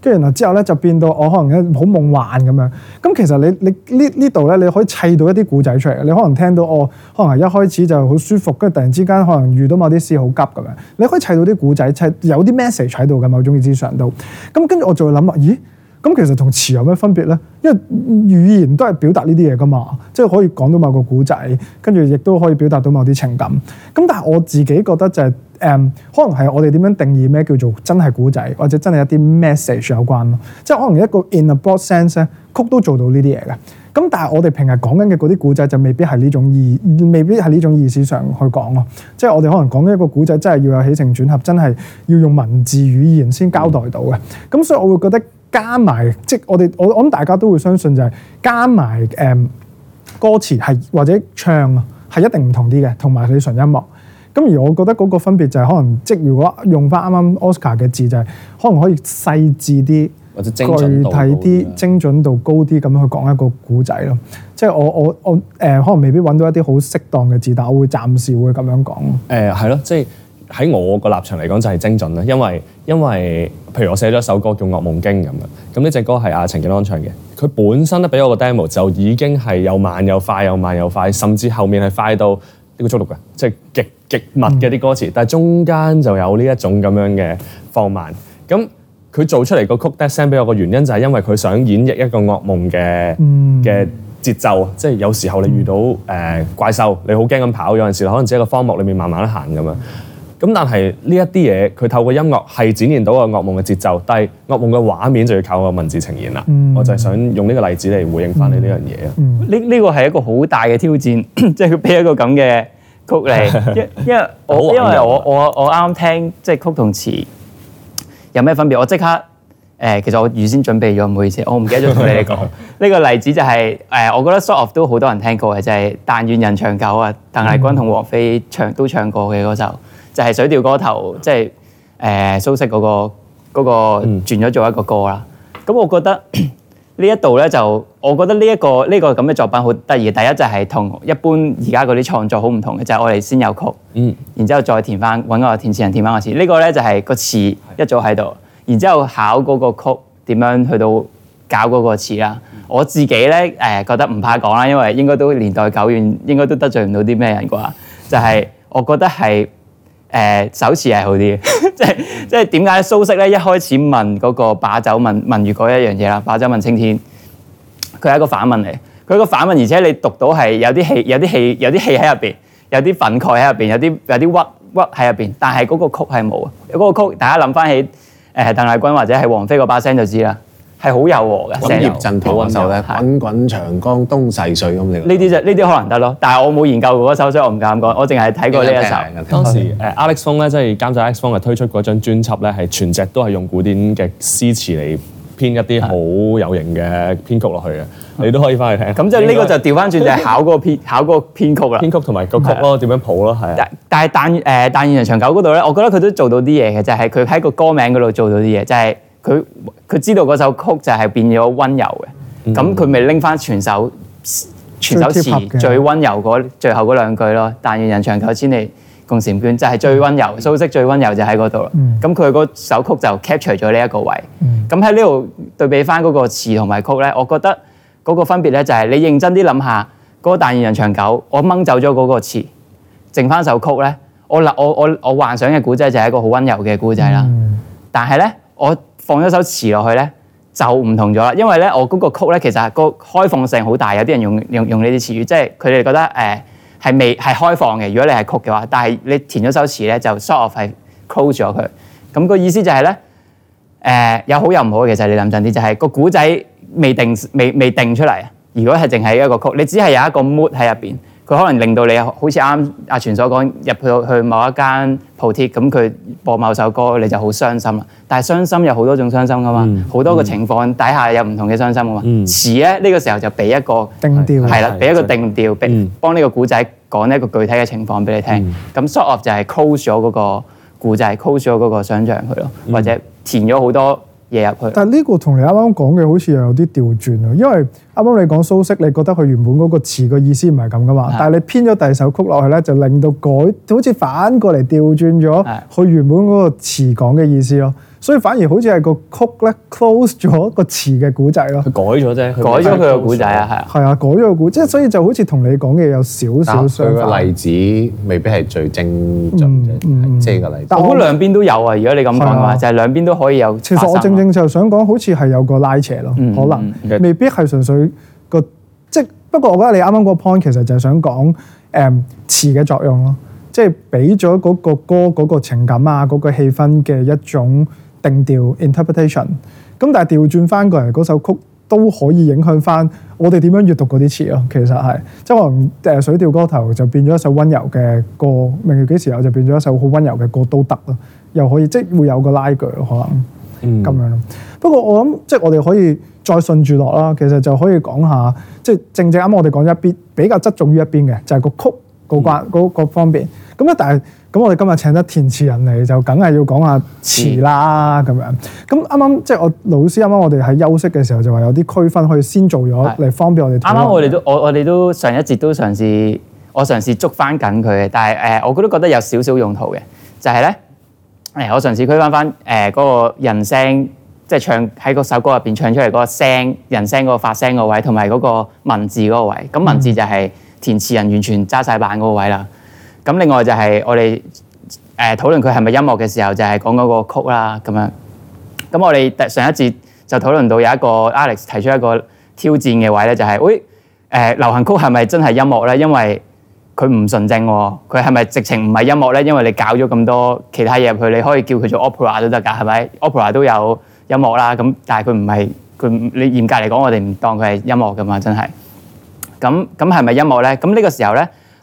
跟住然後之後咧就變到我可能好夢幻咁樣，咁其實你你呢呢度咧你可以砌到一啲古仔出嚟，你可能聽到哦，可能係一開始就好舒服，跟住突然之間可能遇到某啲事好急咁樣，你可以砌到啲古仔砌有啲 message 喺度嘅某種意思上都，咁跟住我就會諗啊咦。咁其實同詞有咩分別咧？因為語言都係表達呢啲嘢㗎嘛，即係可以講到某個古仔，跟住亦都可以表達到某啲情感。咁但係我自己覺得就係、是、誒、呃，可能係我哋點樣定義咩叫做真係古仔，或者真係一啲 message 有關咯。即係可能一個 in a broad sense 咧，曲都做到呢啲嘢嘅。咁但係我哋平日講緊嘅嗰啲古仔就未必係呢種意，未必係呢種意思上去講咯。即係我哋可能講緊一個古仔，真係要有起承轉合，真係要用文字語言先交代到嘅。咁、嗯、所以，我會覺得。加埋即係我哋，我我諗大家都會相信就係加埋誒、嗯、歌詞係或者唱係一定唔同啲嘅，同埋佢純音樂。咁而我覺得嗰個分別就係、是、可能，即係如果用返啱啱 Oscar 嘅字，就係、是、可能可以細緻啲，或者精具體啲，精準度高啲咁樣去講一個古仔咯。即、嗯、係、就是、我我我誒、呃，可能未必揾到一啲好適當嘅字，但係我會暫時會咁樣講。誒係咯，即係。就是喺我個立場嚟講就係精準啦，因為因為譬如我寫咗一首歌叫《噩夢經》咁樣，咁呢隻歌係阿陳建安唱嘅，佢本身咧俾我個 demo 就已經係又慢又快又慢又快，甚至後面係快到呢個速度嘅，即係極極密嘅啲歌詞，嗯、但係中間就有呢一種咁樣嘅放慢。咁佢做出嚟個曲 send 俾我嘅原因就係因為佢想演繹一個噩夢嘅嘅、嗯、節奏，即係有時候你遇到誒、呃、怪獸，你好驚咁跑，有陣時可能只係個荒漠裏面慢慢行咁樣。咁但係呢一啲嘢，佢透過音樂係展現到個噩夢嘅節奏，但係噩夢嘅畫面就要靠個文字呈現啦、嗯。我就係想用呢個例子嚟回應翻你呢樣嘢啊。呢呢個係一個好大嘅挑戰，即係佢俾一個咁嘅曲嚟，因為 因為我，我因為我我我啱啱聽即係、就是、曲同詞有咩分別，我即刻誒、呃、其實我預先準備咗，唔好意思，我唔記得咗同你講呢 個例子就係、是、誒、呃，我覺得 sort of 都好多人聽過嘅，就係、是、但願人長久啊，鄧麗君同王菲唱、嗯、都唱過嘅嗰首。就係、是、水調歌頭，即係誒蘇適軾嗰個嗰、那個轉咗做一個歌啦。咁、嗯、我覺得這裡呢一度咧，就我覺得呢、這、一個呢、這個咁嘅作品好得意。第一就係同一般而家嗰啲創作好唔同嘅，就係我哋先有曲，嗯，然之後再填翻揾個填詞人填翻個詞。這個、呢個咧就係、是、個詞一早喺度，然之後考嗰個曲點樣去到搞嗰個詞啦、嗯。我自己咧誒、呃、覺得唔怕講啦，因為應該都年代久遠，應該都得罪唔到啲咩人啩。就係、是、我覺得係。誒、呃，首詞係好啲嘅，即係即係點解蘇軾咧一開始問嗰個把酒問問月嗰一樣嘢啦，把酒問青天，佢係一個反問嚟，佢個反問，而且你讀到係有啲氣，有啲氣，有啲氣喺入邊，有啲憤慨喺入邊，有啲有啲屈屈喺入邊，但係嗰個曲係冇啊，嗰、嗰個曲大家諗翻起誒、呃、鄧麗君或者係王菲嗰把聲就知啦。係好柔和嘅。滾葉振棠嗰首咧，滾滾長江東逝水咁。呢啲就呢啲可能得咯。但係我冇研究過嗰首，所以我唔敢講。我淨係睇過呢一首。當時誒、嗯啊、Alex Feng 咧，即係監製 Alex Feng 係推出嗰張專輯咧，係全隻都係用古典嘅詩詞嚟編一啲好有型嘅編曲落去嘅。你都可以翻去聽。咁就呢個就調翻轉就係考嗰個編、嗯、考嗰個編曲啦。編曲同埋個曲咯，點樣譜咯，係。但係但誒但現場長久嗰度咧，我覺得佢都做到啲嘢嘅，就係佢喺個歌名嗰度做到啲嘢，就係。佢佢知道嗰首曲就係變咗溫柔嘅，咁佢咪拎翻全首全首詞最溫柔嗰最後嗰兩句咯、嗯。但願人長久，千里共嬋娟，就係、是、最溫柔。蘇、嗯、軾最溫柔就喺嗰度啦。咁佢個首曲就 capture 咗呢一個位。咁喺呢度對比翻嗰個詞同埋曲咧，我覺得嗰個分別咧就係、是、你認真啲諗下嗰、那個但願人長久，我掹走咗嗰個詞，剩翻首曲咧，我我我我幻想嘅古仔就係一個好溫柔嘅古仔啦。但係咧，我放咗首詞落去咧，就唔同咗啦。因為咧，我嗰個曲咧，其實個開放性好大，有啲人用用用呢啲詞語，即係佢哋覺得誒係、呃、未係開放嘅。如果你係曲嘅話，但係你填咗首詞咧，就 sort of 係 close 咗佢。咁、那個意思就係咧，誒、呃、有好有唔好嘅，其實就你諗真啲，就係、是、個古仔未定，未未定出嚟。如果係淨係一個曲，你只係有一個 mood 喺入邊。佢可能令到你好似啱阿全所講，入去去某一間鋪頭，咁佢播某首歌，你就好傷心啦。但係傷心有好多種傷心噶嘛，好、嗯、多個情況底下有唔同嘅傷心啊嘛。時咧呢個時候就俾一,一個定調，係、嗯、啦，俾一個定調，俾幫呢個古仔講一個具體嘅情況俾你聽。咁 sort of 就係 close 咗嗰個故仔，close 咗嗰個想像佢咯，或者填咗好多。但係呢個同你啱啱講嘅好似又有啲調轉啊！因為啱啱你講蘇軾，你覺得佢原本嗰個詞嘅意思唔係咁噶嘛？但係你編咗第二首曲落去咧，就令到改，好似反過嚟調轉咗佢原本嗰個詞講嘅意思咯。所以反而好似係個曲咧 close 咗個詞嘅古仔咯，佢改咗啫，改咗佢個古仔啊，係啊，係啊，改咗個古仔，即係所以就好似同你講嘅有少少相反。佢個例子未必係最正確嘅，即係個例子。但我，我覺得兩邊都有啊，如果你咁講嘅話，係啊、就係、係、兩邊都可以有。其實我正正就想講，好似係有個拉扯咯、嗯，可能未必係純粹個即係、嗯嗯。不過我覺得你啱啱個 point 其實就係想講誒、um, 詞嘅作用咯，即係俾咗嗰個歌嗰個情感啊，嗰、嗰個氣氛嘅一種。定調 interpretation，咁但係調轉翻過嚟嗰首曲都可以影響翻我哋點樣閲讀嗰啲詞咯。其實係即係可能誒水調歌頭就變咗一首温柔嘅歌，明月幾時有就變咗一首好温柔嘅歌都得咯，又可以即係會有一個拉鋸咯，可能咁、嗯、樣。不過我諗即係我哋可以再順住落啦，其實就可以講一下即係正正啱我哋講一邊比較側重於一邊嘅就係、是、個曲個關嗰、嗯那個方面咁啊，但係。咁我哋今日請得填詞人嚟，就梗係要講下詞啦，咁樣，嗯。咁啱啱即係我老師，啱啱我哋喺休息嘅時候就話有啲區分，可以先做咗嚟方便我哋。啱啱我哋都我我哋都上一節都嘗試，我嘗試捉翻緊佢嘅，但係誒、呃、我都覺得有少少用途嘅，就係咧誒我嘗試區分翻誒嗰個人聲，即係唱喺嗰首歌入邊唱出嚟嗰個聲人聲嗰個發聲個位，同埋嗰個文字嗰個位。咁文字就係填詞人完全揸晒版嗰個位啦。嗯。咁另外就係我哋誒討論佢係咪音樂嘅時候，就係講嗰個曲啦。咁樣咁我哋上一節就討論到有一個 Alex 提出一個挑戰嘅位咧，就係喂，誒流行曲係咪真係音樂咧？因為佢唔純正，佢係咪直情唔係音樂咧？因為你搞咗咁多其他嘢入去，你可以叫佢做 opera 都得㗎，係咪？opera 都有音樂啦。咁但係佢唔係佢，你嚴格嚟講，我哋唔當佢係音樂㗎嘛，真係。咁咁係咪音樂咧？咁呢個時候咧？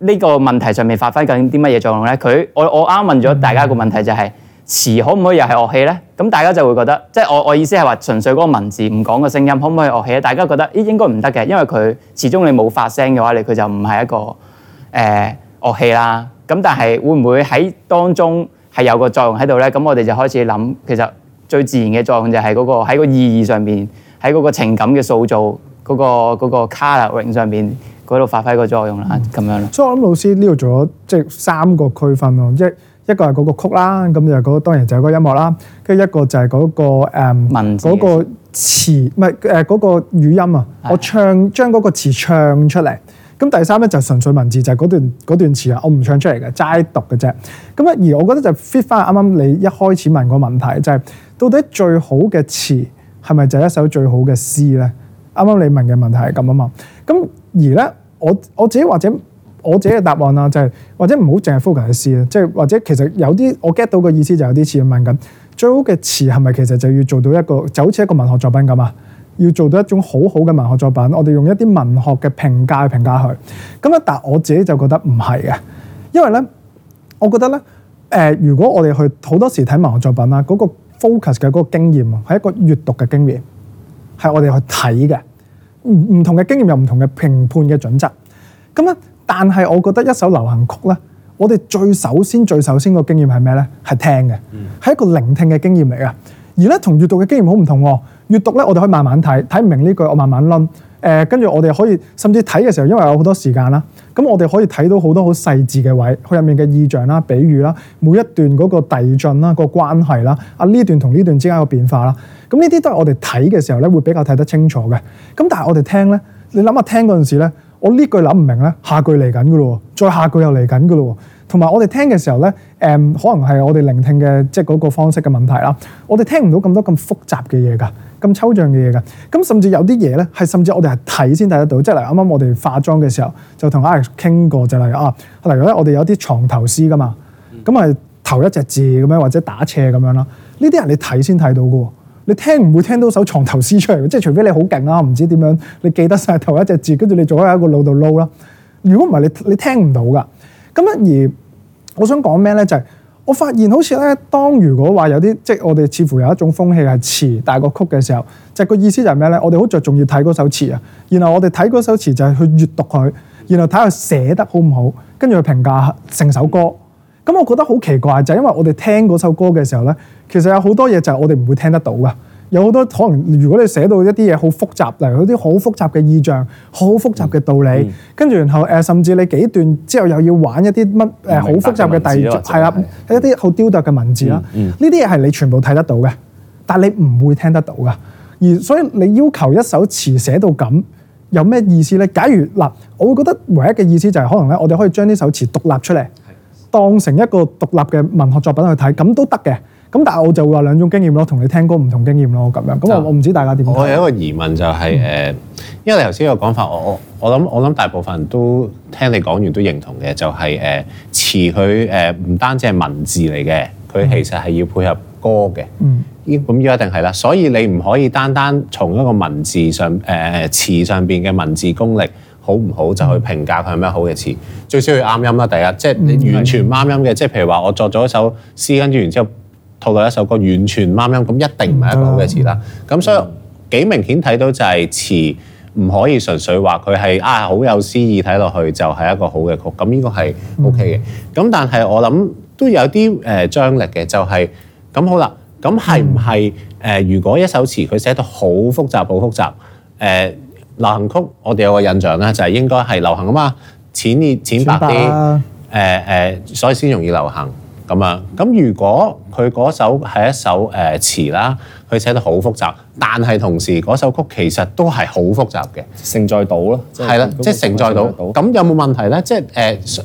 呢個問題上面發揮緊啲乜嘢作用呢？佢，我我啱問咗大家一個問題，就係詞可唔可以又係樂器呢？咁大家就會覺得，即係我我意思係話純粹嗰個文字唔講個聲音可唔可以樂器咧？大家覺得咦，應該唔得嘅，因為佢始終你冇發聲嘅話，你佢就唔係一個誒樂器啦。咁但係會唔會喺當中係有個作用喺度呢？咁我哋就開始諗，其實最自然嘅作用就係嗰個喺個意義上面，喺嗰個情感嘅塑造嗰個嗰個 colouring 上面。嗰度發揮個作用啦，咁、嗯、樣。所以我諗老師呢度做咗即係三個區分咯，一一個係嗰個曲啦，咁就嗰、那個、當然就係嗰個音樂啦，跟住一個就係嗰、那個誒嗰、嗯那個詞，唔係誒嗰個語音啊，我唱將嗰個詞唱出嚟。咁第三咧就是、純粹文字，就係、是、嗰段段詞啊，我唔唱出嚟嘅，齋讀嘅啫。咁啊，而我覺得就 fit 翻啱啱你一開始問個問題，就係、是、到底最好嘅詞係咪就係一首最好嘅詩咧？啱啱你問嘅問題係咁啊嘛，咁、嗯。而咧，我我自己或者我自己嘅答案啊，就係或者唔好淨係 focus 喺詞啊，即係或者其實有啲我 get 到嘅意思，就有啲似問緊最好嘅詞係咪其實就要做到一個就好似一個文學作品咁啊？要做到一種好好嘅文學作品，我哋用一啲文學嘅評價去評價佢。咁咧，但係我自己就覺得唔係嘅，因為咧，我覺得咧，誒如果我哋去好多時睇文學作品啦，嗰個 focus 嘅嗰個經驗係一個閱讀嘅經驗，係我哋去睇嘅。唔唔同嘅經驗有唔同嘅評判嘅準則，咁咧，但係我覺得一首流行曲咧，我哋最首先、最首先個經驗係咩咧？係聽嘅，係一個聆聽嘅經驗嚟嘅。而咧，同閲讀嘅經驗好唔同喎。閲讀咧，我哋可以慢慢睇，睇唔明呢句，我慢慢諗。誒、呃，跟住我哋可以甚至睇嘅時候，因為我好多時間啦。咁我哋可以睇到好多好細緻嘅位，佢入面嘅意象啦、比喻啦、每一段嗰個遞進啦、個關係啦，啊呢段同呢段之間嘅變化啦，咁呢啲都係我哋睇嘅時候咧，會比較睇得清楚嘅。咁但係我哋聽咧，你諗下聽嗰陣時咧，我呢句諗唔明咧，下句嚟緊噶咯，再下句又嚟緊噶咯，同埋我哋聽嘅時候咧，誒、嗯、可能係我哋聆聽嘅即係嗰個方式嘅問題啦，我哋聽唔到咁多咁複雜嘅嘢㗎。咁抽象嘅嘢嘅，咁甚至有啲嘢咧，係甚至我哋係睇先睇得到。即係嚟啱啱我哋化妝嘅時候，就同 Alex 傾過，就係、例如啊，例如咧，我哋有啲藏頭詩噶嘛，咁、嗯、啊頭一隻字咁樣或者打斜咁樣啦。呢啲人你睇先睇到嘅，你聽唔會聽到首藏頭詩出嚟嘅。即係除非你好勁啊，唔知點樣你記得晒頭一隻字，跟住你做喺一個腦度撈啦。如果唔係你，你聽唔到噶。咁咧，而我想講咩咧就係、是。我發現好似咧，當如果話有啲即係我哋似乎有一種風氣係詞大個曲嘅時候，就係、個意思就係咩咧？我哋好着重要睇嗰首詞啊，然後我哋睇嗰首詞就係去閲讀佢，然後睇下寫得好唔好，跟住去評價成首歌。咁、嗯嗯、我覺得好奇怪，就係、係、因為我哋聽嗰首歌嘅時候咧，其實有好多嘢就係我哋唔會聽得到噶。有好多可能，如果你寫到一啲嘢好複雜，例如有啲好複雜嘅意象、好複雜嘅道理，跟、嗯、住然後誒，甚至你幾段之後又要玩一啲乜誒好複雜嘅題，係、嗯、啦，嗯係係嗯、一啲好刁特嘅文字啦，呢啲嘢係你全部睇得到嘅，但係你唔會聽得到嘅。而所以你要求一首詞寫到咁有咩意思呢？假如嗱，我會覺得唯一嘅意思就係、係、可能咧，我哋可以將呢首詞獨立出嚟，當成一個獨立嘅文學作品去睇，咁都得嘅。咁但係我就會話兩種經驗咯，同你聽歌唔同的經驗咯，咁樣咁我我唔知大家點睇。我有一個疑問就係、是、誒、嗯，因為你頭先有講法，我我想我諗我諗大部分都聽你講完都認同嘅，就係、是、誒詞佢誒唔單止係文字嚟嘅，佢其實係要配合歌嘅。嗯。依咁依一定係啦，所以你唔可以單單從一個文字上誒、呃、詞上邊嘅文字功力好唔好、嗯、就去評價佢係咩好嘅詞，最少要啱音啦，第一，即係你完全唔啱音嘅，即、嗯、係譬如話我作咗一首詩，跟住然之後，套落一首歌完全啱啱，咁一定唔係一個好嘅詞啦。咁、嗯、所以幾明顯睇到就係詞唔可以純粹話佢係啊好有詩意，睇落去就係、是、一個好嘅曲。咁呢個係 OK 嘅。咁、嗯、但係我諗都有啲誒張力嘅，就係、是、咁好啦。咁係唔係誒？如果一首詞佢寫得好複雜、好複雜，誒、呃、流行曲，我哋有個印象咧，就係、是、應該係流行淺淺啊嘛，淺、呃、易、白啲，誒誒，所以先容易流行。咁啊！咁如果佢嗰首係一首誒詞啦，佢寫得好複雜，但係同時嗰首曲其實都係好複雜嘅，承載到咯，係、就、啦、是，即係承載到。咁有冇問題咧？即係誒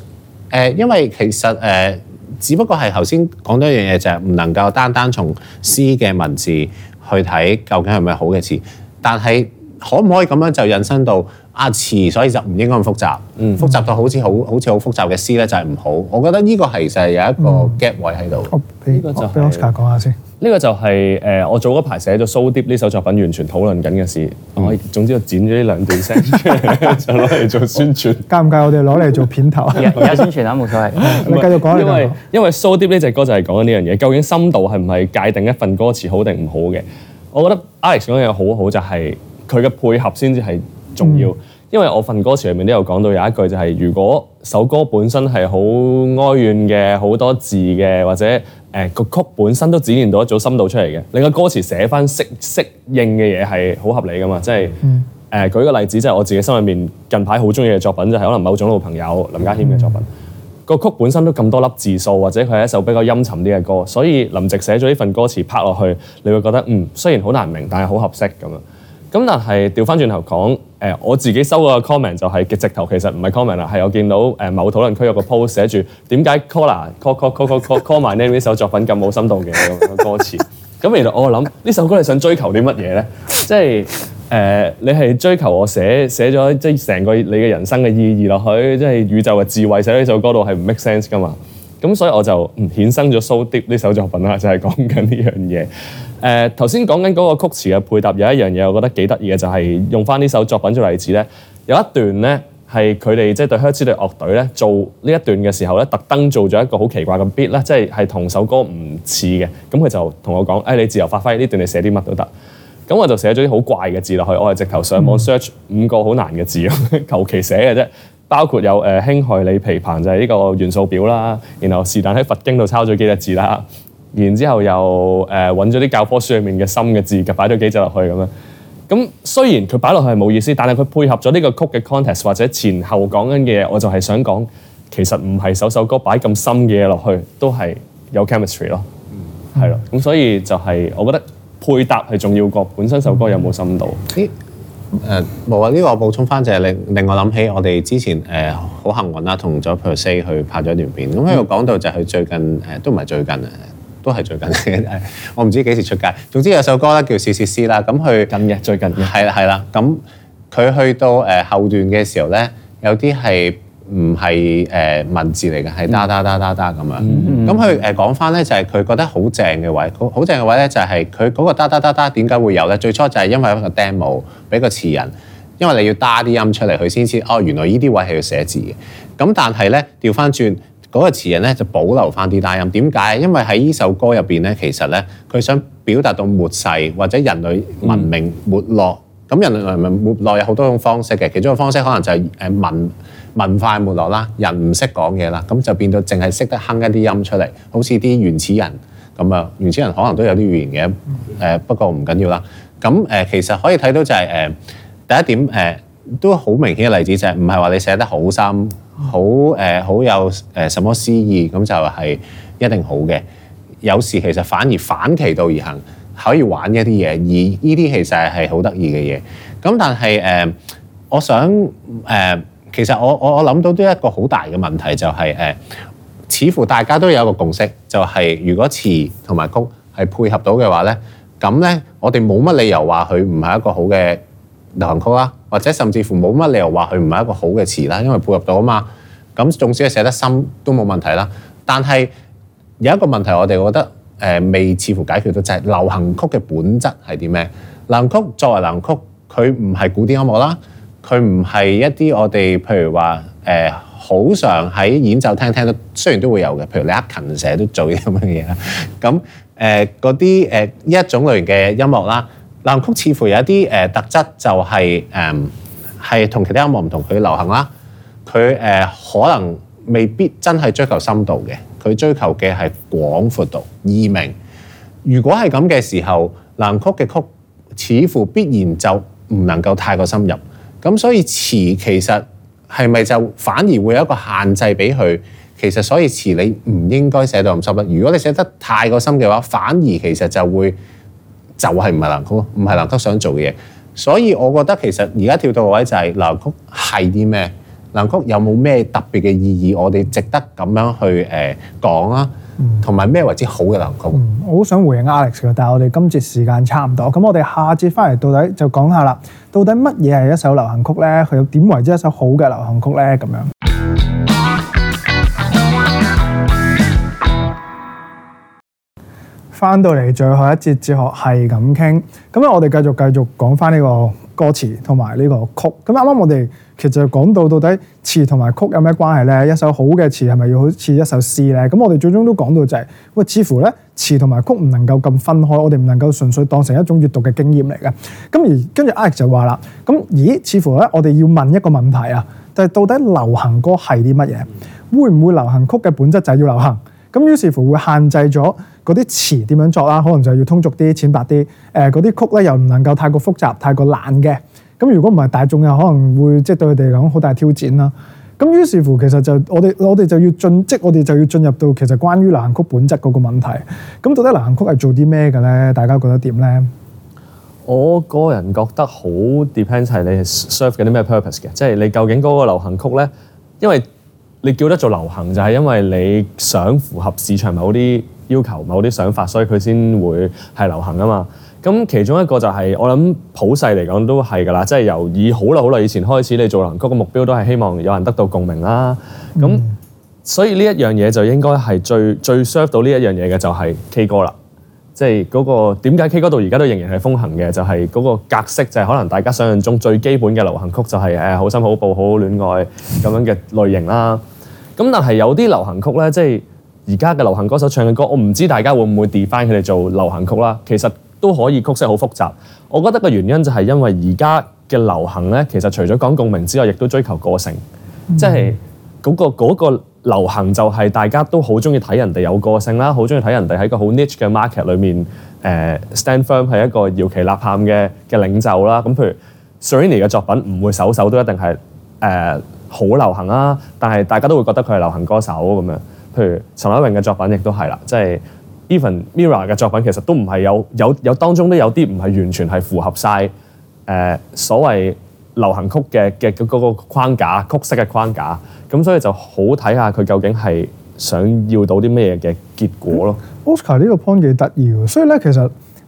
誒，因為其實誒、呃，只不過係頭先講咗一樣嘢就係、是、唔能夠單單從詩嘅文字去睇究竟係咪好嘅詞，但係可唔可以咁樣就引申到？阿、啊、詞，所以就唔應該咁複雜嗯。嗯，複雜到好似好好似好複雜嘅詩咧，就係唔好。我覺得呢個係就係有一個 gap 位喺度。呢、嗯這個就俾、是、我講下先。呢、這個就係、是、誒、呃，我早嗰排寫咗《So Deep》呢首作品，完全討論緊嘅事。我、嗯、總之我剪咗呢兩段聲， 就攞嚟做宣傳。 介唔介我哋攞嚟做片頭而家 宣傳啊，冇所謂。 你繼續講，因為因為《So Deep》呢隻歌就係講緊呢樣嘢，究竟深度係唔係界定一份歌詞好定唔好嘅？我覺得 Alex 講嘢好好，就係佢嘅配合先至係。嗯、重要，因為我份歌詞裏面都有講到有一句就係、是，如果首歌本身係好哀怨嘅好多字嘅，或者誒個、呃、曲本身都展現到一種深度出嚟嘅，你個歌詞寫翻適適應嘅嘢係好合理噶嘛，即係誒舉個例子，即、就、係、是、我自己心裏面近排好中意嘅作品就係、是、可能某種老朋友林家謙嘅作品，個、嗯、曲本身都咁多粒字數，或者佢係一首比較陰沉啲嘅歌，所以林夕寫咗呢份歌詞拍落去，你會覺得嗯雖然好難明，但係好合適咁樣。咁但係調翻轉頭講、呃，我自己收個 comment 就係、是、嘅直頭其實唔係 comment 啦，係我見到某討論區有個 post 寫住點解 Call My Name 呢首作品咁冇深度嘅、那個、歌詞？咁原來我諗呢首歌係想追求啲乜嘢咧？即、就、係、是呃、你係追求我寫寫咗即係成個你嘅人生嘅意義落去，即、就、係、是、宇宙嘅智慧寫喺首歌度係唔 make sense 噶嘛？咁所以我就唔衍生咗 So Deep 呢首作品啦，就係講緊呢樣嘢。誒頭先講緊嗰個曲詞嘅配搭，有一樣嘢我覺得幾得意嘅，就係、是、用翻呢首作品做例子咧。有一段咧係佢哋即係對 Coldplay 對樂隊咧做呢一段嘅時候咧，特登做咗一個好奇怪嘅 beat 啦，即係係同首歌唔似嘅。咁佢就同我講：誒、哎，你自由發揮，呢段你寫啲乜都得。咁我就寫咗啲好怪嘅字落去。我係直頭上網 search 五個好難嘅字，求其寫嘅啫。包括有誒、呃、氫氦鋰鈹硼就係呢個元素表啦，然後是但喺佛經度抄咗幾隻字啦。然之後又誒揾咗啲教科書裏面嘅深嘅字，就擺咗幾隻落去咁樣。咁雖然佢擺落去係冇意思，但係佢配合咗呢個曲嘅 context 或者前後講緊嘅嘢，我就係想講，其實唔係首首歌擺咁深嘅嘢落去都係有 chemistry 咯、嗯，係咯。咁、嗯、所以就係、是、我覺得配搭係重要過本身首歌有冇深度。誒冇啊，呢、呃這個我補充翻就係、是、令令我諗起我哋之前誒好、呃、幸運啊，同咗 Percy 去拍咗一段片。咁佢又講到就係佢最近誒、呃、都唔係最近啊。都係最近的呵呵，我唔知幾時出街。總之有首歌咧叫《試試詩》啦，咁佢近日最近日的。係啦係啦，咁佢去到誒後段嘅時候咧，有啲係唔係誒文字嚟嘅，係嗒嗒嗒嗒嗒咁樣。咁佢誒講翻咧，就係佢覺得好正嘅位，好正嘅位咧、那個，就係佢嗰個嗒嗒嗒嗒點解會有咧？最初就係因為一個 demo 俾個詞人，因為你要嗒啲音出嚟，佢先知哦，原來呢啲位係要寫字嘅。咁但係咧，調翻轉。嗰、那個詞人咧就保留翻啲大音，點解？因為喺呢首歌入邊咧，其實咧佢想表達到末世或者人類文明沒落。咁、嗯、人類文明沒落有好多種方式嘅，其中一個方式可能就係誒文、嗯、文化沒落啦，人唔識講嘢啦，咁就變到淨係識得哼一啲音出嚟，好似啲原始人咁啊。原始人可能都有啲語言嘅，誒、嗯、不過唔緊要啦。咁誒其實可以睇到就係、是、誒第一點誒都好明顯嘅例子就係唔係話你寫得好深。好好有什麼詩意，咁就係一定好嘅。有時其實反而反其道而行，可以玩一啲嘢，而呢啲其實係好得意嘅嘢。咁但係我想，其實我我我諗到都一個好大嘅問題就係誒，似乎大家都有一個共識，就係、是、如果詞同埋曲係配合到嘅話咧，咁咧我哋冇乜理由話佢唔係一個好嘅。流行曲啊，或者甚至乎冇乜理由話佢唔係一個好嘅詞啦，因為配合到啊嘛。咁，縱使佢寫得深都冇問題啦。但係有一個問題，我哋覺得誒未似乎解決到，就係流行曲嘅本質係啲咩？流行曲作為流行曲，佢唔係古典音樂啦，佢唔係一啲我哋譬如話誒好常喺演奏廳聽到，雖然都會有嘅，譬如李克勤成日都做啲咁嘅嘢啦。咁誒嗰啲誒一種類型嘅音樂啦。流行曲似乎有一啲誒、呃、特質，就係，就係誒係同其他音樂唔同，佢流行啦。佢誒、呃、可能未必真係追求深度嘅，佢追求嘅係廣闊度。意明。如果係咁嘅時候，流行曲嘅曲似乎必然就唔能夠太過深入。咁所以詞其實係咪就反而會有一個限制俾佢？其實所以詞你唔應該寫到咁深啦。如果你寫得太過深嘅話，反而其實就會。就係唔係藍曲，唔係藍曲想做嘅嘢，所以我覺得其實而家跳到位就係藍曲係啲咩？藍曲有冇咩特別嘅意義？我哋值得咁樣去誒講啦，同埋咩為之好嘅藍曲？我好想回應 Alex 嘅，但係我哋今節時間差唔多，咁我哋下節翻嚟到底就講下啦，到底乜嘢係一首流行曲咧？佢又點為之一首好嘅流行曲咧？咁樣。翻到嚟最後一節哲學係咁傾，咁咧我哋繼續繼續講翻呢個歌詞同埋呢個曲。咁啱啱我哋其實講到到底詞同埋曲有咩關係呢？一首好嘅詞係咪要好似一首詩呢？咁我哋最終都講到就係，喂，似乎呢詞同埋曲唔能夠咁分開，我哋唔能夠純粹當成一種閱讀嘅經驗嚟嘅。咁而跟住 Alex 就話啦，咁咦，似乎咧我哋要問一個問題啊，但係到底流行歌係啲乜嘢？會唔會流行曲嘅本質就係要流行？咁於是乎會限制咗。嗰啲詞點樣作啦？可能就要通俗啲、淺白啲。誒、呃，嗰啲曲咧又唔能夠太過複雜、太過爛嘅。咁如果唔係大眾又可能會即係對佢哋嚟講好大挑戰啦。咁於是乎其實就我哋我哋就要進，即係我哋就要進入到其實關於流行曲本質嗰個問題。咁到底流行曲係做啲咩嘅咧？大家覺得點咧？我個人覺得好 depends 係你 serve 嘅啲咩 purpose 嘅，即係你究竟嗰個流行曲咧，因為你叫得做流行就係因為你想符合市場某啲，要求某啲想法，所以佢先會係流行啊嘛。咁其中一個就係、是、我諗普世嚟講都係噶啦，即、就、係、是、由以好耐好耐以前開始，你做流行曲個目標都係希望有人得到共鳴啦。咁、嗯、所以呢一樣嘢就應該係最最 serve 到呢一樣嘢嘅就係 K 歌啦。即係嗰個點解 K 歌到而家都仍然係風行嘅，就係、是、嗰個格式就係、是、可能大家想象中最基本嘅流行曲就係、是、誒、啊、好心好報好好戀愛咁樣嘅類型啦。咁但係有啲流行曲咧，即、就、係、是。而家嘅流行歌手唱嘅歌，我唔知大家會唔會 define 佢哋做流行曲啦。其實都可以曲式好複雜。我覺得個原因就係因為而家嘅流行咧，其實除咗講共鳴之外，亦都追求個性，即係嗰個嗰個流行就係大家都好中意睇人哋有個性啦，好中意睇人哋喺一個好 niche 嘅 market 裏面誒、呃、stand firm 係一個搖旗呐喊嘅嘅領袖啦。咁譬如 Srinie 嘅作品唔會首首都一定係誒、呃、好流行啦，但係大家都會覺得佢係流行歌手咁樣。譬如陳偉榮嘅作品亦都係啦，即係 Even Mira 嘅作品其實都唔係，有有有當中都有啲唔係完全係符合晒誒、呃、所謂流行曲嘅嘅嗰個框架、曲式嘅框架，咁所以就好睇下佢究竟係想要到啲咩嘅結果咯。嗯、Oscar 呢個 point 幾得意喎，所以咧，其實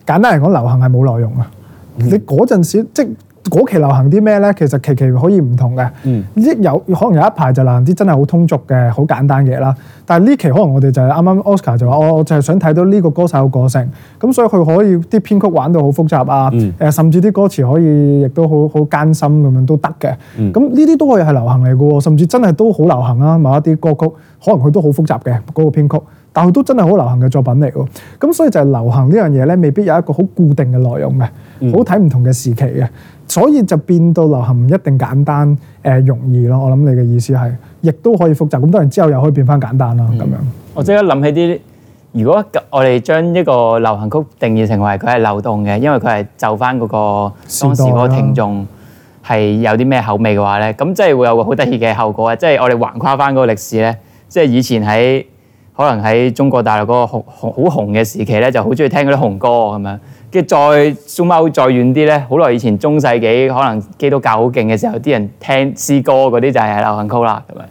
簡單嚟講，流行係冇內容啊，你嗰陣時、嗯、即。嗰期流行啲咩呢？其實期期可以唔同嘅。呢、嗯、有可能有一排就是流行啲真係好通俗嘅、好簡單嘅嘢啦。但係呢期可能我哋就係啱啱 Oscar 就話：我就係想睇到呢個歌手個個性。咁所以佢可以啲編曲玩到好複雜、嗯、啊。甚至啲歌詞可以亦都好好艱辛咁樣都得嘅。咁呢啲都可以係、嗯、流行嚟嘅喎，甚至真係都好流行啊！某一啲歌曲可能佢都好複雜嘅嗰、嗰個編曲，但佢都真係好流行嘅作品嚟喎。咁所以就係流行呢樣嘢呢，未必有一個好固定嘅內容嘅，好睇唔同嘅時期嘅。所以就變到流行唔一定簡單，誒、呃、容易咯。我諗你嘅意思係，亦都可以複雜咁，當然之後又可以變翻簡單啦咁、嗯、樣。我即刻想起一諗起啲，如果我哋將一個流行曲定義成為佢係流動嘅，因為佢係就翻、那、嗰個當時嗰個聽眾係有啲咩口味嘅話咧，咁即係會有個好得意嘅後果啊！即、就、係、是、我哋橫跨翻嗰個歷史咧，即、就、係、是、以前喺可能喺中國大陸嗰個紅紅紅好紅嘅時期咧，就好中意聽嗰啲紅歌咁樣。再 zoom out 再遠啲咧，好耐以前中世紀可能基督教好勁嘅時候，啲人聽詩歌嗰啲就係流行曲啦。咁樣，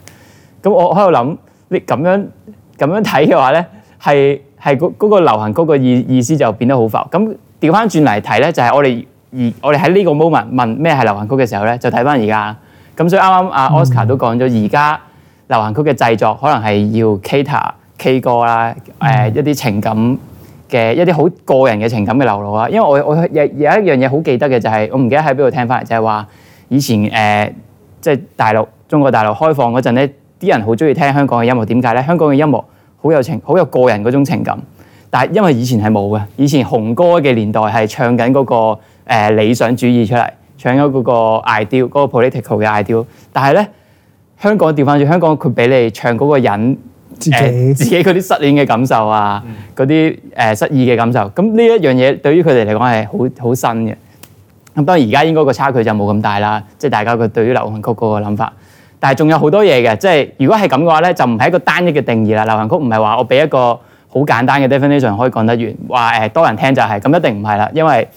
咁我喺度諗，你咁樣咁樣睇嘅話咧，係係嗰個流行曲個意意思就變得好浮。咁調翻轉嚟睇咧，就係、是、我哋而我哋喺呢個 moment 問咩係流行曲嘅時候咧，就睇翻而家。咁所以啱啱阿 Oscar、嗯、都講咗，而家流行曲嘅製作可能係要 cater K 歌啦，誒、嗯呃、一啲情感。嘅一啲好個人嘅情感嘅流露啊，因為我我有有一樣嘢好記得嘅就係、是、我唔記得喺邊度聽翻嚟，就係、是、話以前誒即係大陸中國大陸開放嗰陣咧，啲人好中意聽香港嘅音樂，點解咧？香港嘅音樂好有情，好有個人嗰種情感。但係因為以前係冇嘅，以前紅歌嘅年代係唱緊嗰、那個、呃、理想主義出嚟，唱緊嗰個 ideal 嗰個 political 嘅 ideal。但係咧，香港調翻轉，香港佢俾你唱嗰個人。誒自己嗰啲失戀嘅感受啊，嗰啲誒失意嘅感受，咁呢一樣嘢對於佢哋嚟講係好好新嘅。咁當然而家應該個差距就冇咁大啦，即係大家個對於流行曲嗰個諗法。但係仲有好多嘢嘅，即係如果係咁嘅話咧，就唔係一個單一嘅定義啦。流行曲唔係話我俾一個好簡單嘅 definition 可以講得完，話誒多人聽就係咁，一定唔係啦，因為。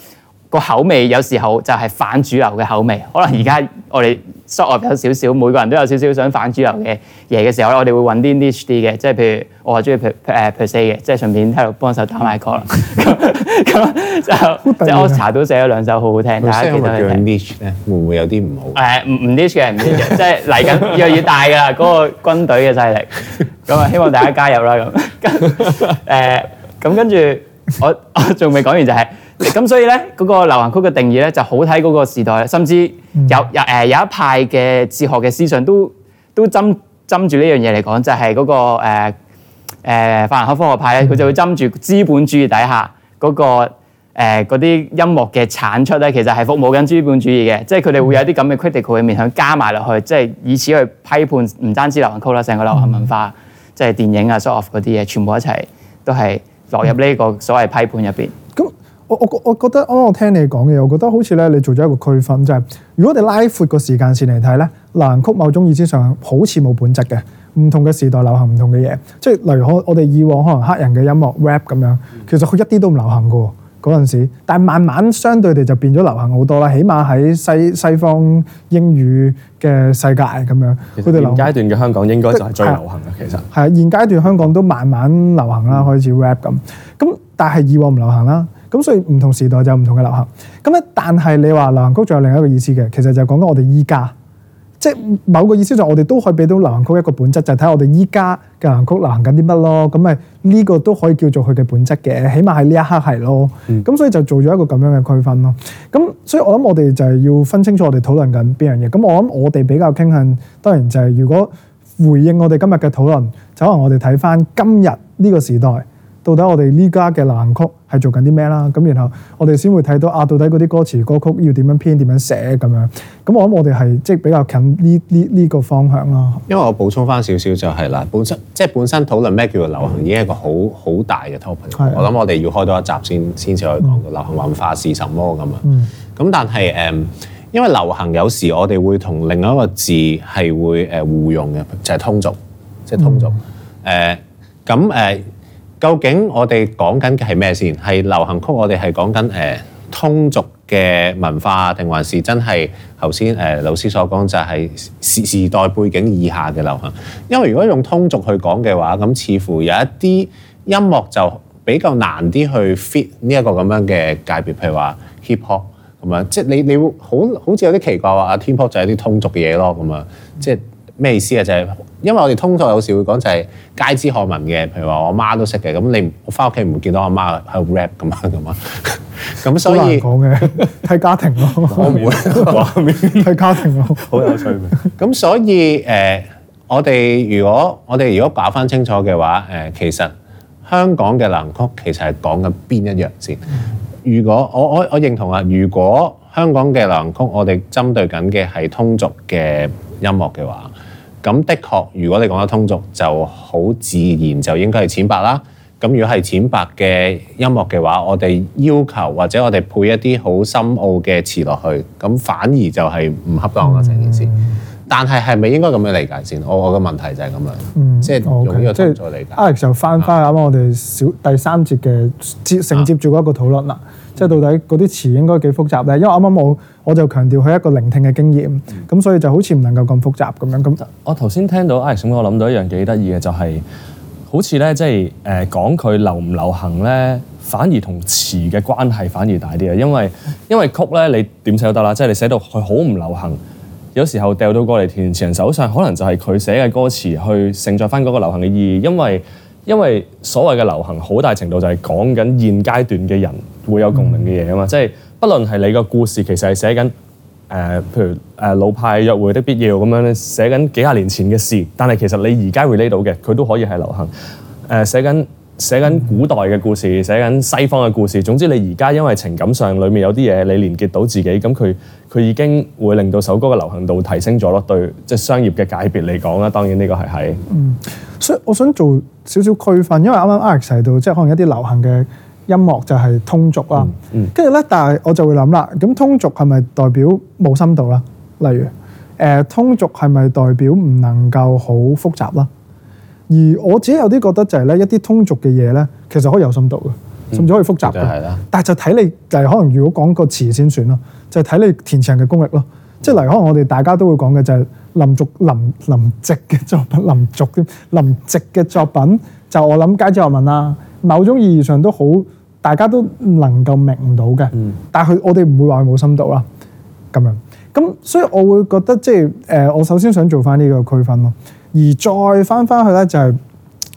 個口味有時候就係反主流嘅口味，可能而家我哋 s h 疏外有少少，每個人都有少少想反主流嘅嘢嘅時候咧，我哋會揾啲 niche 啲嘅，即係譬如我係中意 per 唉 per se 嘅，即係順便喺度幫手打埋 call 啦。咁就即係 Oscar 都寫咗兩首好好聽，大家記得去聽 niche 會唔會有啲唔好？誒唔唔 niche 嘅唔即係嚟緊越嚟越大噶嗰、那個軍隊嘅勢力，咁 啊希望大家加油啦咁。誒咁跟住我我仲未講完就係、是。咁所以咧，嗰、那個流行曲嘅定義咧，就好睇嗰個時代，甚至有有誒有，有一派嘅哲學嘅思想都都針針住呢樣嘢嚟講，就係、是、嗰、那個誒誒、呃呃、法蘭克福學派咧，佢、嗯、就會針住資本主義底下嗰、那個嗰啲、呃、音樂嘅產出咧，其實係服務緊資本主義嘅，嗯、即係佢哋會有啲咁嘅 critical 嘅面向加埋落去，即、就、係、是、以此去批判唔單止流行曲啦，成個流行文化，嗯、即係電影啊、sort of 嗰啲嘢，全部一齊都係落入呢個所謂批判入邊。嗯嗯。我我我覺得哦，我聽你講嘅，我覺得好似咧，你做咗一個區分，就係、是、如果你拉闊個時間線嚟睇咧，流行曲某種意思上好似冇本質嘅，唔同嘅時代流行唔同嘅嘢，即係例如我我哋以往可能黑人嘅音樂 rap 咁樣，其實佢一啲都唔流行噶喎，嗰陣時，但係慢慢相對地就變咗流行好多啦。起碼喺西西方英語嘅世界咁樣，其實現階段嘅香港應該就係最流行嘅，其實係啊，現階段香港都慢慢流行啦、嗯，開始 rap 咁咁，但係以往唔流行啦。咁所以唔同時代就有唔同嘅流行，咁咧但係你話流行曲仲有另一個意思嘅，其實就講緊我哋依家，即係某個意思就係我哋都可以俾到流行曲一個本質，就係睇下我哋依家嘅流行曲流行緊啲乜咯，咁咪呢個都可以叫做佢嘅本質嘅，起碼係呢一刻係咯。咁所以就做咗一個咁樣嘅區分咯。咁所以我諗我哋就係要分清楚我哋討論緊邊樣嘢。咁我諗我哋比較傾向，當然就係如果回應我哋今日嘅討論，就可能我哋睇翻今日呢個時代。到底我哋呢家嘅流行曲係做緊啲咩啦？咁然後我哋先會睇到啊，到底嗰啲歌詞歌曲要點樣編、點樣寫咁樣。咁我諗我哋係即係比較近呢呢呢個方向咯。因為我補充翻少少就係、是、啦，本身即係、就是、本身討論咩叫做流行已經係一個好好、嗯、大嘅 topic。我諗我哋要開多一集先先至可以講到流行文化是什麼咁樣。咁、嗯、但係誒、嗯，因為流行有時我哋會同另一個字係會誒、呃、互用嘅，就係、是、通俗，即、就、係、是、通俗。誒咁誒。呃究竟我哋講緊嘅係咩先？係流行曲，我哋係講緊誒通俗嘅文化，定還是真係頭先誒老師所講就係時時代背景以下嘅流行？因為如果用通俗去講嘅話，咁似乎有一啲音樂就比較難啲去 fit 呢一個咁樣嘅界別，譬如話 hip hop 咁樣，即係你你會好好似有啲奇怪話，啊，天 pop 就係啲通俗嘅嘢咯，咁樣，即係咩意思啊？就係因為我哋通俗有時會講就係街知巷聞嘅，譬如話我媽都識嘅。咁你我翻屋企唔會見到我媽喺度 rap 咁樣咁啊。咁所以好難講嘅，係家庭咯。畫面畫面，係家庭咯。好有趣味。咁所以誒，我哋如果我哋如果搞翻清楚嘅話，誒其實香港嘅流行曲其實係講緊邊一樣先？如果我我我認同啊，如果香港嘅流行曲我哋針對緊嘅係通俗嘅音樂嘅話。咁的確，如果你講得通俗，就好自然就應該係淺白啦。咁如果係淺白嘅音樂嘅話，我哋要求或者我哋配一啲好深奧嘅詞落去，咁反而就係唔恰當啦，成件事。但係係咪應該咁樣理解先？我我嘅問題就係咁樣，即、嗯、係、就是、用呢個角度嚟解、嗯 okay. 就 Alex, 剛剛嗯。啊，就翻翻啱啱我哋小第三節嘅接承接住嗰一個討論啦，即係到底嗰啲詞應該幾複雜咧？因為啱啱冇。我就強調佢一個聆聽嘅經驗，咁所以就好似唔能夠咁複雜咁樣。咁我頭先聽到 Alex 我諗到一樣幾得意嘅，就係、是、好似咧，即係誒講佢流唔流行咧，反而同詞嘅關係反而大啲啊！因為因為曲咧，你點寫都得啦，即、就、係、是、你寫到佢好唔流行，有時候掉到過嚟填詞人手上，可能就係佢寫嘅歌詞去承載翻嗰個流行嘅意義。因為因為所謂嘅流行，好大程度就係講緊現階段嘅人會有共鳴嘅嘢啊嘛，即、嗯、係。就是不論係你個故事其實係寫緊誒、呃，譬如誒、呃、老派約會的必要咁樣咧，寫緊幾廿年前嘅事，但係其實你而家會呢到嘅，佢都可以係流行。誒、呃、寫緊寫緊古代嘅故事，寫緊西方嘅故事。總之你而家因為情感上裡面有啲嘢你連結到自己，咁佢佢已經會令到首歌嘅流行度提升咗咯。對，即、就、係、是、商業嘅界別嚟講啦，當然呢個係喺。嗯，所以我想做少少區分，因為啱啱 Alex 喺度，即、就、係、是、可能一啲流行嘅。音樂就係通俗啦，跟住咧，但係我就會諗啦，咁通俗係咪代表冇深度啦？例如，誒、呃、通俗係咪代表唔能夠好複雜啦？而我自己有啲覺得就係、是、咧，一啲通俗嘅嘢咧，其實可以有深度嘅、嗯，甚至可以複雜嘅、嗯。但係就睇你，就係、是、可能如果講個詞先算咯，就係睇你填詞人嘅功力咯。即係例如，可能我哋大家都會講嘅就係林俗林林夕嘅作品，林俗林夕嘅作品，作品就我諗，街知巷聞啦，某種意義上都好。大家都能夠明唔到嘅、嗯，但係佢我哋唔會話冇深度啦。咁樣咁，所以我會覺得即係誒，我首先想做翻呢個區分咯。而再翻翻去咧，就係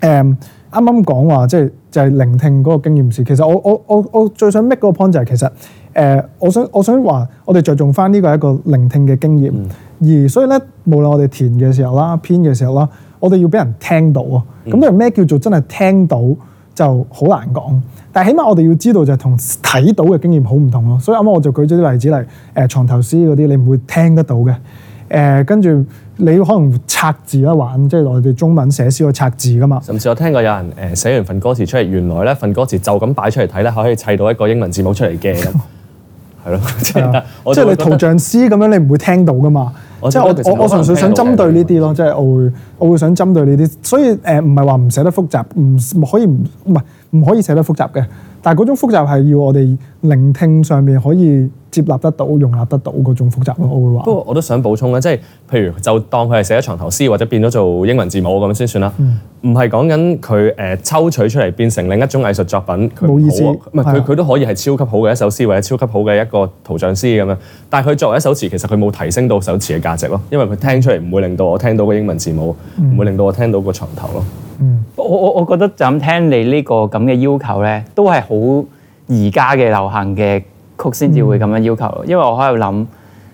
誒啱啱講話，即係就係、是就是、聆聽嗰個經驗時。其實我我我我最想 make 嗰個 point 就係、是、其實誒、呃，我想我想話我哋着重翻呢個係一個聆聽嘅經驗、嗯。而所以咧，無論我哋填嘅時候啦、編嘅時候啦，我哋要俾人聽到啊。咁但係咩叫做真係聽到就好難講。但起碼我哋要知道就係同睇到嘅經驗好唔同咯，所以啱啱我就舉咗啲例子嚟，誒、呃、牀頭詩嗰啲你唔會聽得到嘅。誒跟住你可能拆字啦玩，即係我哋中文寫詩要拆字噶嘛。甚至我聽過有人誒、呃、寫完份歌詞出嚟，原來咧份歌詞就咁擺出嚟睇咧，可以砌到一個英文字母出嚟嘅，係 咯對了， 即係你圖像詩咁樣你唔會聽到噶嘛。即係我我我純粹想，想針對呢啲咯，即係我會我會想針對呢啲，所以誒唔係話唔寫得複雜，唔可以唔唔唔可以寫得複雜嘅，但係嗰種複雜係要我哋聆聽上面可以接納得到、容納得到嗰種複雜咯，我會話。不過我都想補充咧，即係譬如就當佢係寫咗床頭詩，或者變咗做英文字母咁樣先算啦。唔係講緊佢誒抽取出嚟變成另一種藝術作品。冇意思。唔係佢都可以係超級好嘅一首詩，或者超級好嘅一個圖像詩咁樣。但係佢作為一首詞，其實佢冇提升到首詞嘅價值咯，因為佢聽出嚟唔會令到我聽到個英文字母，唔會令到我聽到個床頭咯。嗯。我我我覺得就咁聽你呢個咁嘅要求咧，都係好而家嘅流行嘅曲先至會咁樣要求。嗯、因為我喺度諗，誒、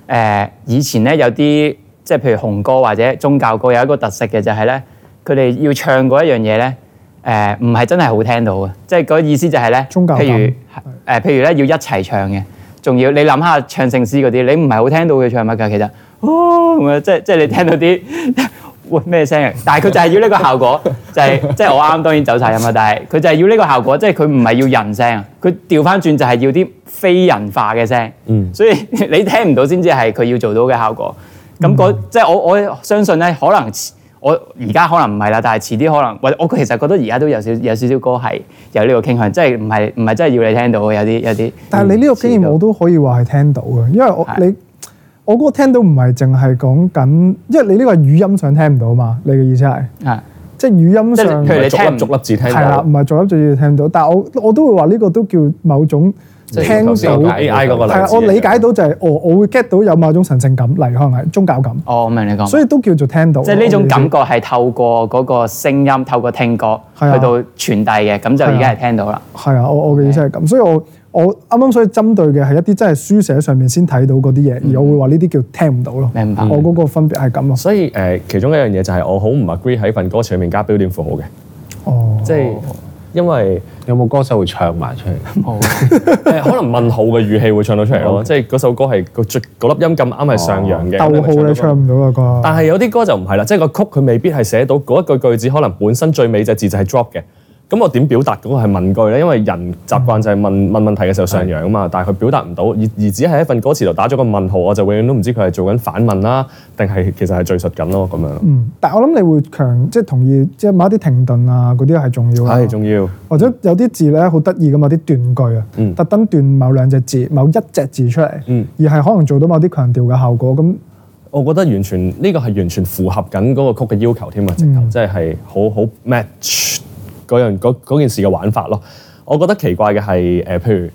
呃、以前咧有啲即係譬如紅歌或者宗教歌有一個特色嘅就係、是、咧，佢哋要唱嗰一樣嘢咧，誒唔係真係好聽到嘅，即係嗰意思就係、是、咧，譬如誒、呃、譬如咧要一齊唱嘅，仲要你諗下唱聖詩嗰啲，你唔係好聽到佢唱乜㗎其實，哦，即即係你聽到啲。嗯咩聲啊？但係佢就係要呢個、， 就係就係、個效果，就係即係我啱啱當然走晒音啦！但係佢就係要呢個效果，即係佢唔係要人聲啊！佢調翻轉就係要啲非人化嘅聲。嗯，所以你聽唔到先至係佢要做到嘅效果。咁嗰即係我我相信咧，可能我而家可能唔係啦，但係遲啲可能或者我其實覺得而家都有少有少少歌係有呢個傾向，即係唔係唔係真係要你聽到嘅，有啲有啲。但係你呢個經驗我都可以話係聽到嘅，因為我你。我嗰個聽到唔係淨係講緊，因為你呢個係語音上聽唔到嘛，你嘅意思係？啊，即係語音上，即係譬如你聽逐粒逐粒字聽到。係啦，唔係逐粒逐粒字聽到，但係我我都會話呢個都叫某種聽到，就係聽到 AI 個。我理解到就係、是哦，我我會 get 到有某種神聖感，例如可能係宗教感。哦，明你講。所以都叫做聽到。即係呢種感覺係透過嗰個聲音，透過聽覺去到傳遞嘅，咁就已經係聽到啦。係啊，我我嘅意思係咁，okay. 所以我。我啱啱所以針對嘅係一啲真係書寫上面先睇到嗰啲嘢，而我會話呢啲叫聽唔到咯。明白。我嗰個分別係咁咯。所以誒、呃，其中一樣嘢就係我好唔 agree 喺份歌詞裏面加標點符號嘅。哦。即係因為有冇歌手會唱埋出嚟？冇、哦。 可能問號嘅語氣會唱到出嚟咯、哦。即係嗰首歌係個最粒音咁啱係上揚嘅、哦哦。逗號你唱唔到啊啩？但係有啲歌就唔係啦，即係個曲佢未必係寫到嗰一句句子，可能本身最尾隻字就係 drop 嘅。咁我點表達嗰個係問句咧？因為人習慣就係問、嗯、問問題嘅時候上揚啊嘛，但係佢表達唔到，而而只係一份歌詞就打咗個問號，我就永遠都唔知佢係做緊反問啦、啊，定係其實係敘述緊咯咁樣。嗯，但係我諗你會強即係同意，即係某啲停頓啊嗰啲係重要嘅。係重要。或者有啲字咧好得意咁，有啲斷句啊、嗯，特登斷某兩隻字、某一隻字出嚟、嗯，而係可能做到某啲強調嘅效果。咁我覺得完全呢、呢個係完全符合緊嗰個曲嘅要求添啊、嗯，直頭即係係好好 match。個嗰件事嘅玩法咯，我覺得奇怪嘅係誒，譬如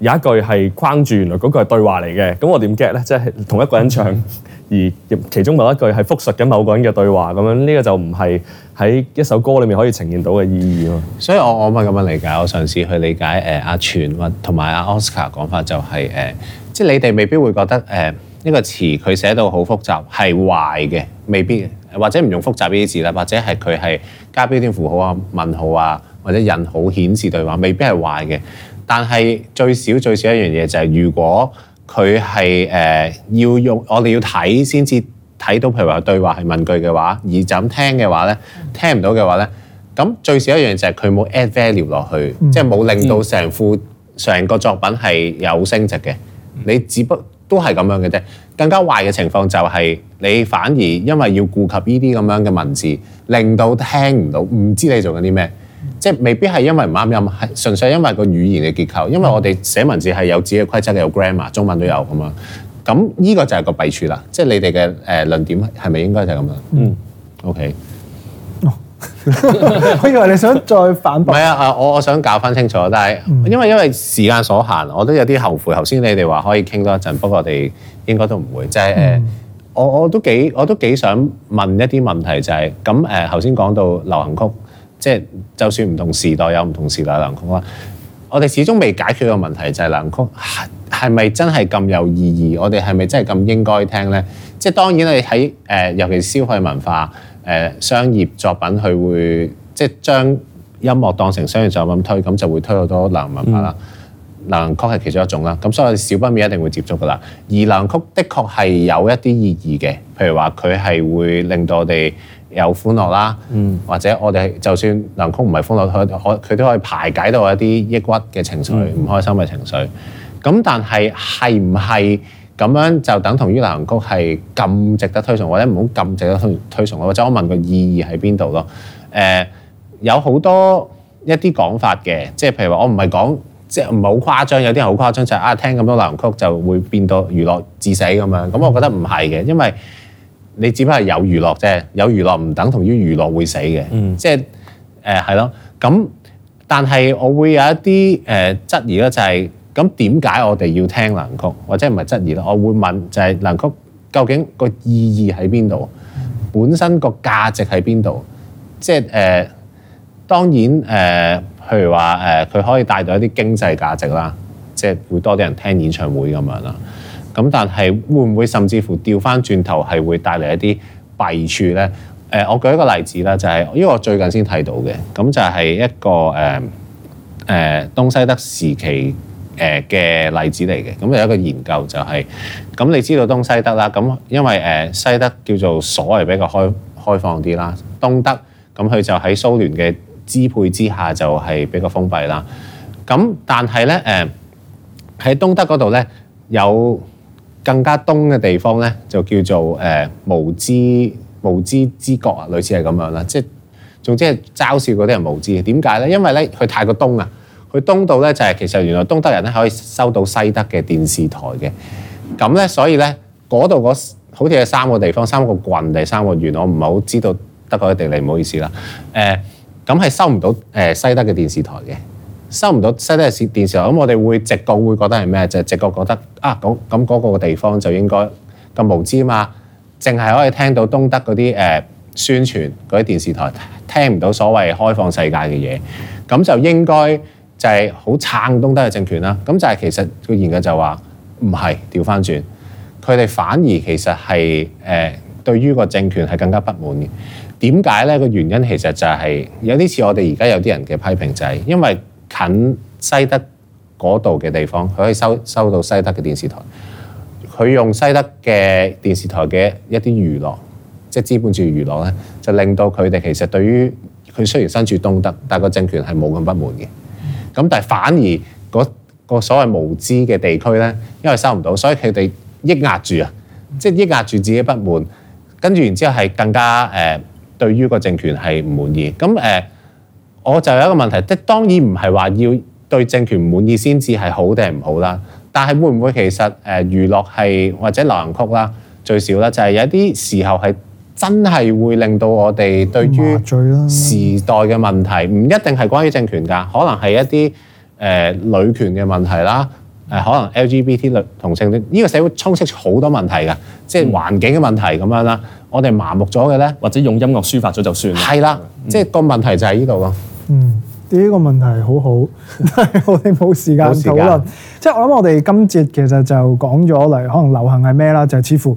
有一句係框住，原來嗰句係對話嚟嘅，咁我點 get 咧？即、就、係、是、同一個人唱、嗯，而其中某一句係複述緊某個人嘅對話，咁樣呢、這個就唔係喺一首歌裡面可以呈現到嘅意義咯。所以我我咪咁樣理解，我嘗試去理解誒阿、呃啊、全同埋阿 Oscar 講法就係、是、誒、呃，即係你哋未必會覺得誒呢、呃這個詞佢寫到好複雜係壞嘅，未必。或者唔用複雜呢啲字啦，或者係佢係加標點符號啊、問號啊，或者引號顯示對話，未必係壞嘅。但係最少最少一樣嘢就係、是，如果佢係誒要用，我哋要睇先至睇到，譬如話對話係問句嘅話，而就咁聽嘅話咧，聽唔到嘅話咧，咁最少一樣嘢就係佢冇 add value 落去，即係冇令到成副成個作品係有升值嘅。你只不都係咁樣嘅啫。更加壞嘅情況就係你反而因為要顧及呢啲咁樣嘅文字，令到聽唔到，唔知你做緊啲咩。即係未必係因為唔啱音，係純粹因為個語言嘅結構。因為我哋寫文字係有自己嘅規則，你有 grammar，中文都有噶嘛。咁呢個就係個弊處啦。即係你哋嘅誒論點係咪應該就係咁樣？嗯，OK。我以為你想再反駁？唔係啊，我我想搞翻清楚，但係因為因為時間所限，我都有啲後悔。頭先你哋話可以傾多一陣，不過我哋應該都唔會。即係誒，我我都幾，我都幾想問一啲問題，就係咁誒。頭先講到流行曲，即係就算唔同時代有唔同時代流行曲啦，我哋始終未解決嘅問題就係流行曲係係咪真係咁有意義？我哋係咪真係咁應該聽咧？即係當然你喺誒，尤其是消費文化。誒，商業作品佢會即係將音樂當成商業作品推，咁就會推好多流行文化啦。流行曲係其中一種啦，咁所以少不免一定會接觸㗎喇。而流行曲的確係有一啲意義嘅，譬如話佢係會令到我哋有歡樂啦、嗯，或者我哋就算流行曲唔係歡樂，佢佢都可以排解到一啲抑鬱嘅情緒、唔、嗯、開心嘅情緒。咁但係係唔係？咁樣就等同於流行曲係咁值得推崇，或者唔好咁值得推崇。或者我周問個意義喺邊度咯？誒、呃，有好多一啲講法嘅，即係譬如話，我唔係講，即係唔係好誇張，有啲人好誇張就係、是、啊，聽咁多流行曲就會變到娛樂致死咁樣。咁、嗯、我覺得唔係嘅，因為你只不過係有娛樂啫，有娛樂唔等同於娛樂會死嘅、嗯。即係誒係咯。咁、呃、但係我會有一啲誒、呃、質疑咧、就是，就係。咁點解我哋要聽流行曲，或者唔係質疑啦？我會問就係流行曲究竟個意義喺邊度？本身個價值喺邊度？即係誒，當然誒、呃，譬如話誒，佢、呃、可以帶到一啲經濟價值啦，即、就、係、是、會多啲人聽演唱會咁樣啦。咁但係會唔會甚至乎調翻轉頭係會帶嚟一啲弊處咧？誒、呃，我舉一個例子啦，就係、是、因為我最近先睇到嘅，咁就係一個誒誒、呃呃、東西德時期。誒嘅例子嚟嘅，咁有一個研究就係，咁你知道東西德啦，咁因為誒西德叫做所謂比較開開放啲啦，東德咁佢就喺蘇聯嘅支配之下就係比較封閉啦。咁但係咧誒喺東德嗰度咧有更加東嘅地方咧，就叫做誒無知無知之國啊，類似係咁樣啦，即係總之係嘲笑嗰啲人無知嘅。點解咧？因為咧佢太過東啊。去東道咧就係，其實原來東德人咧可以收到西德嘅電視台嘅，咁咧所以咧嗰度嗰好似係三個地方、三個郡地、三個縣，我唔係好知道德國啲地理，唔好意思啦。誒，咁係收唔到誒西德嘅電視台嘅，收唔到西德嘅視電視台，咁我哋會直覺會覺得係咩啫？就係直覺覺得啊，咁咁嗰個嘅地方就應該咁無知啊嘛，淨係可以聽到東德嗰啲誒宣傳嗰啲電視台，聽唔到所謂開放世界嘅嘢，咁就應該。就係好撐東德嘅政權啦。咁就係其實個研究就話唔係掉返轉，佢哋反，反而其實係誒、呃、對於個政權係更加不滿嘅。點解呢？個原因其實就係、是、有啲似我哋而家有啲人嘅批評、就是，就係因為近西德嗰度嘅地方，佢可以收收到西德嘅電視台，佢用西德嘅電視台嘅一啲娛樂，即、就、係、是、資本主義娛樂呢，就令到佢哋其實對於佢雖然身處東德，但係個政權係冇咁不滿嘅。咁但係反而嗰、嗰個所謂無知嘅地區咧，因為收唔到，所以佢哋抑壓住啊，即係抑壓住自己不滿，跟住然之後係更加誒、呃、對於個政權係唔滿意咁誒、呃。我就有一個問題，即係當然唔係話要對政權唔滿意先至係好定係唔好啦，但係會唔會其實誒、呃、娛樂係或者流行曲啦最少啦，就係有啲時候係。真係會令到我哋對於時代嘅問題，唔一定係關於政權㗎，可能係一啲誒女權嘅問題啦，誒可能 LGBT 同性戀呢個社會充斥好多問題㗎，即係環境嘅問題咁樣啦。我哋麻木咗嘅咧，或者用音樂抒發咗就算啦。係啦，即係個問題就喺呢度咯。嗯，呢個問題好好，但係我哋冇時間討論。即係我諗，我哋今節其實就講咗嚟，可能流行係咩啦？就係似乎。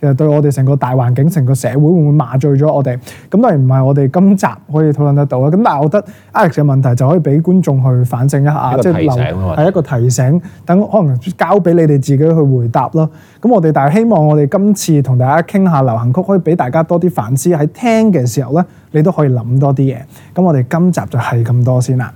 其實對我哋成個大環境、成個社會會唔會麻醉咗我哋？咁當然唔係我哋今集可以討論得到啦。咁但係我覺得 Alex 嘅問題就可以俾觀眾去反省一下，即係留係一個提醒，等、就係、可能交俾你哋自己去回答咯。咁我哋但係希望我哋今次同大家傾下流行曲，可以俾大家多啲反思喺聽嘅時候咧，你都可以諗多啲嘢。咁我哋今集就係咁多先啦。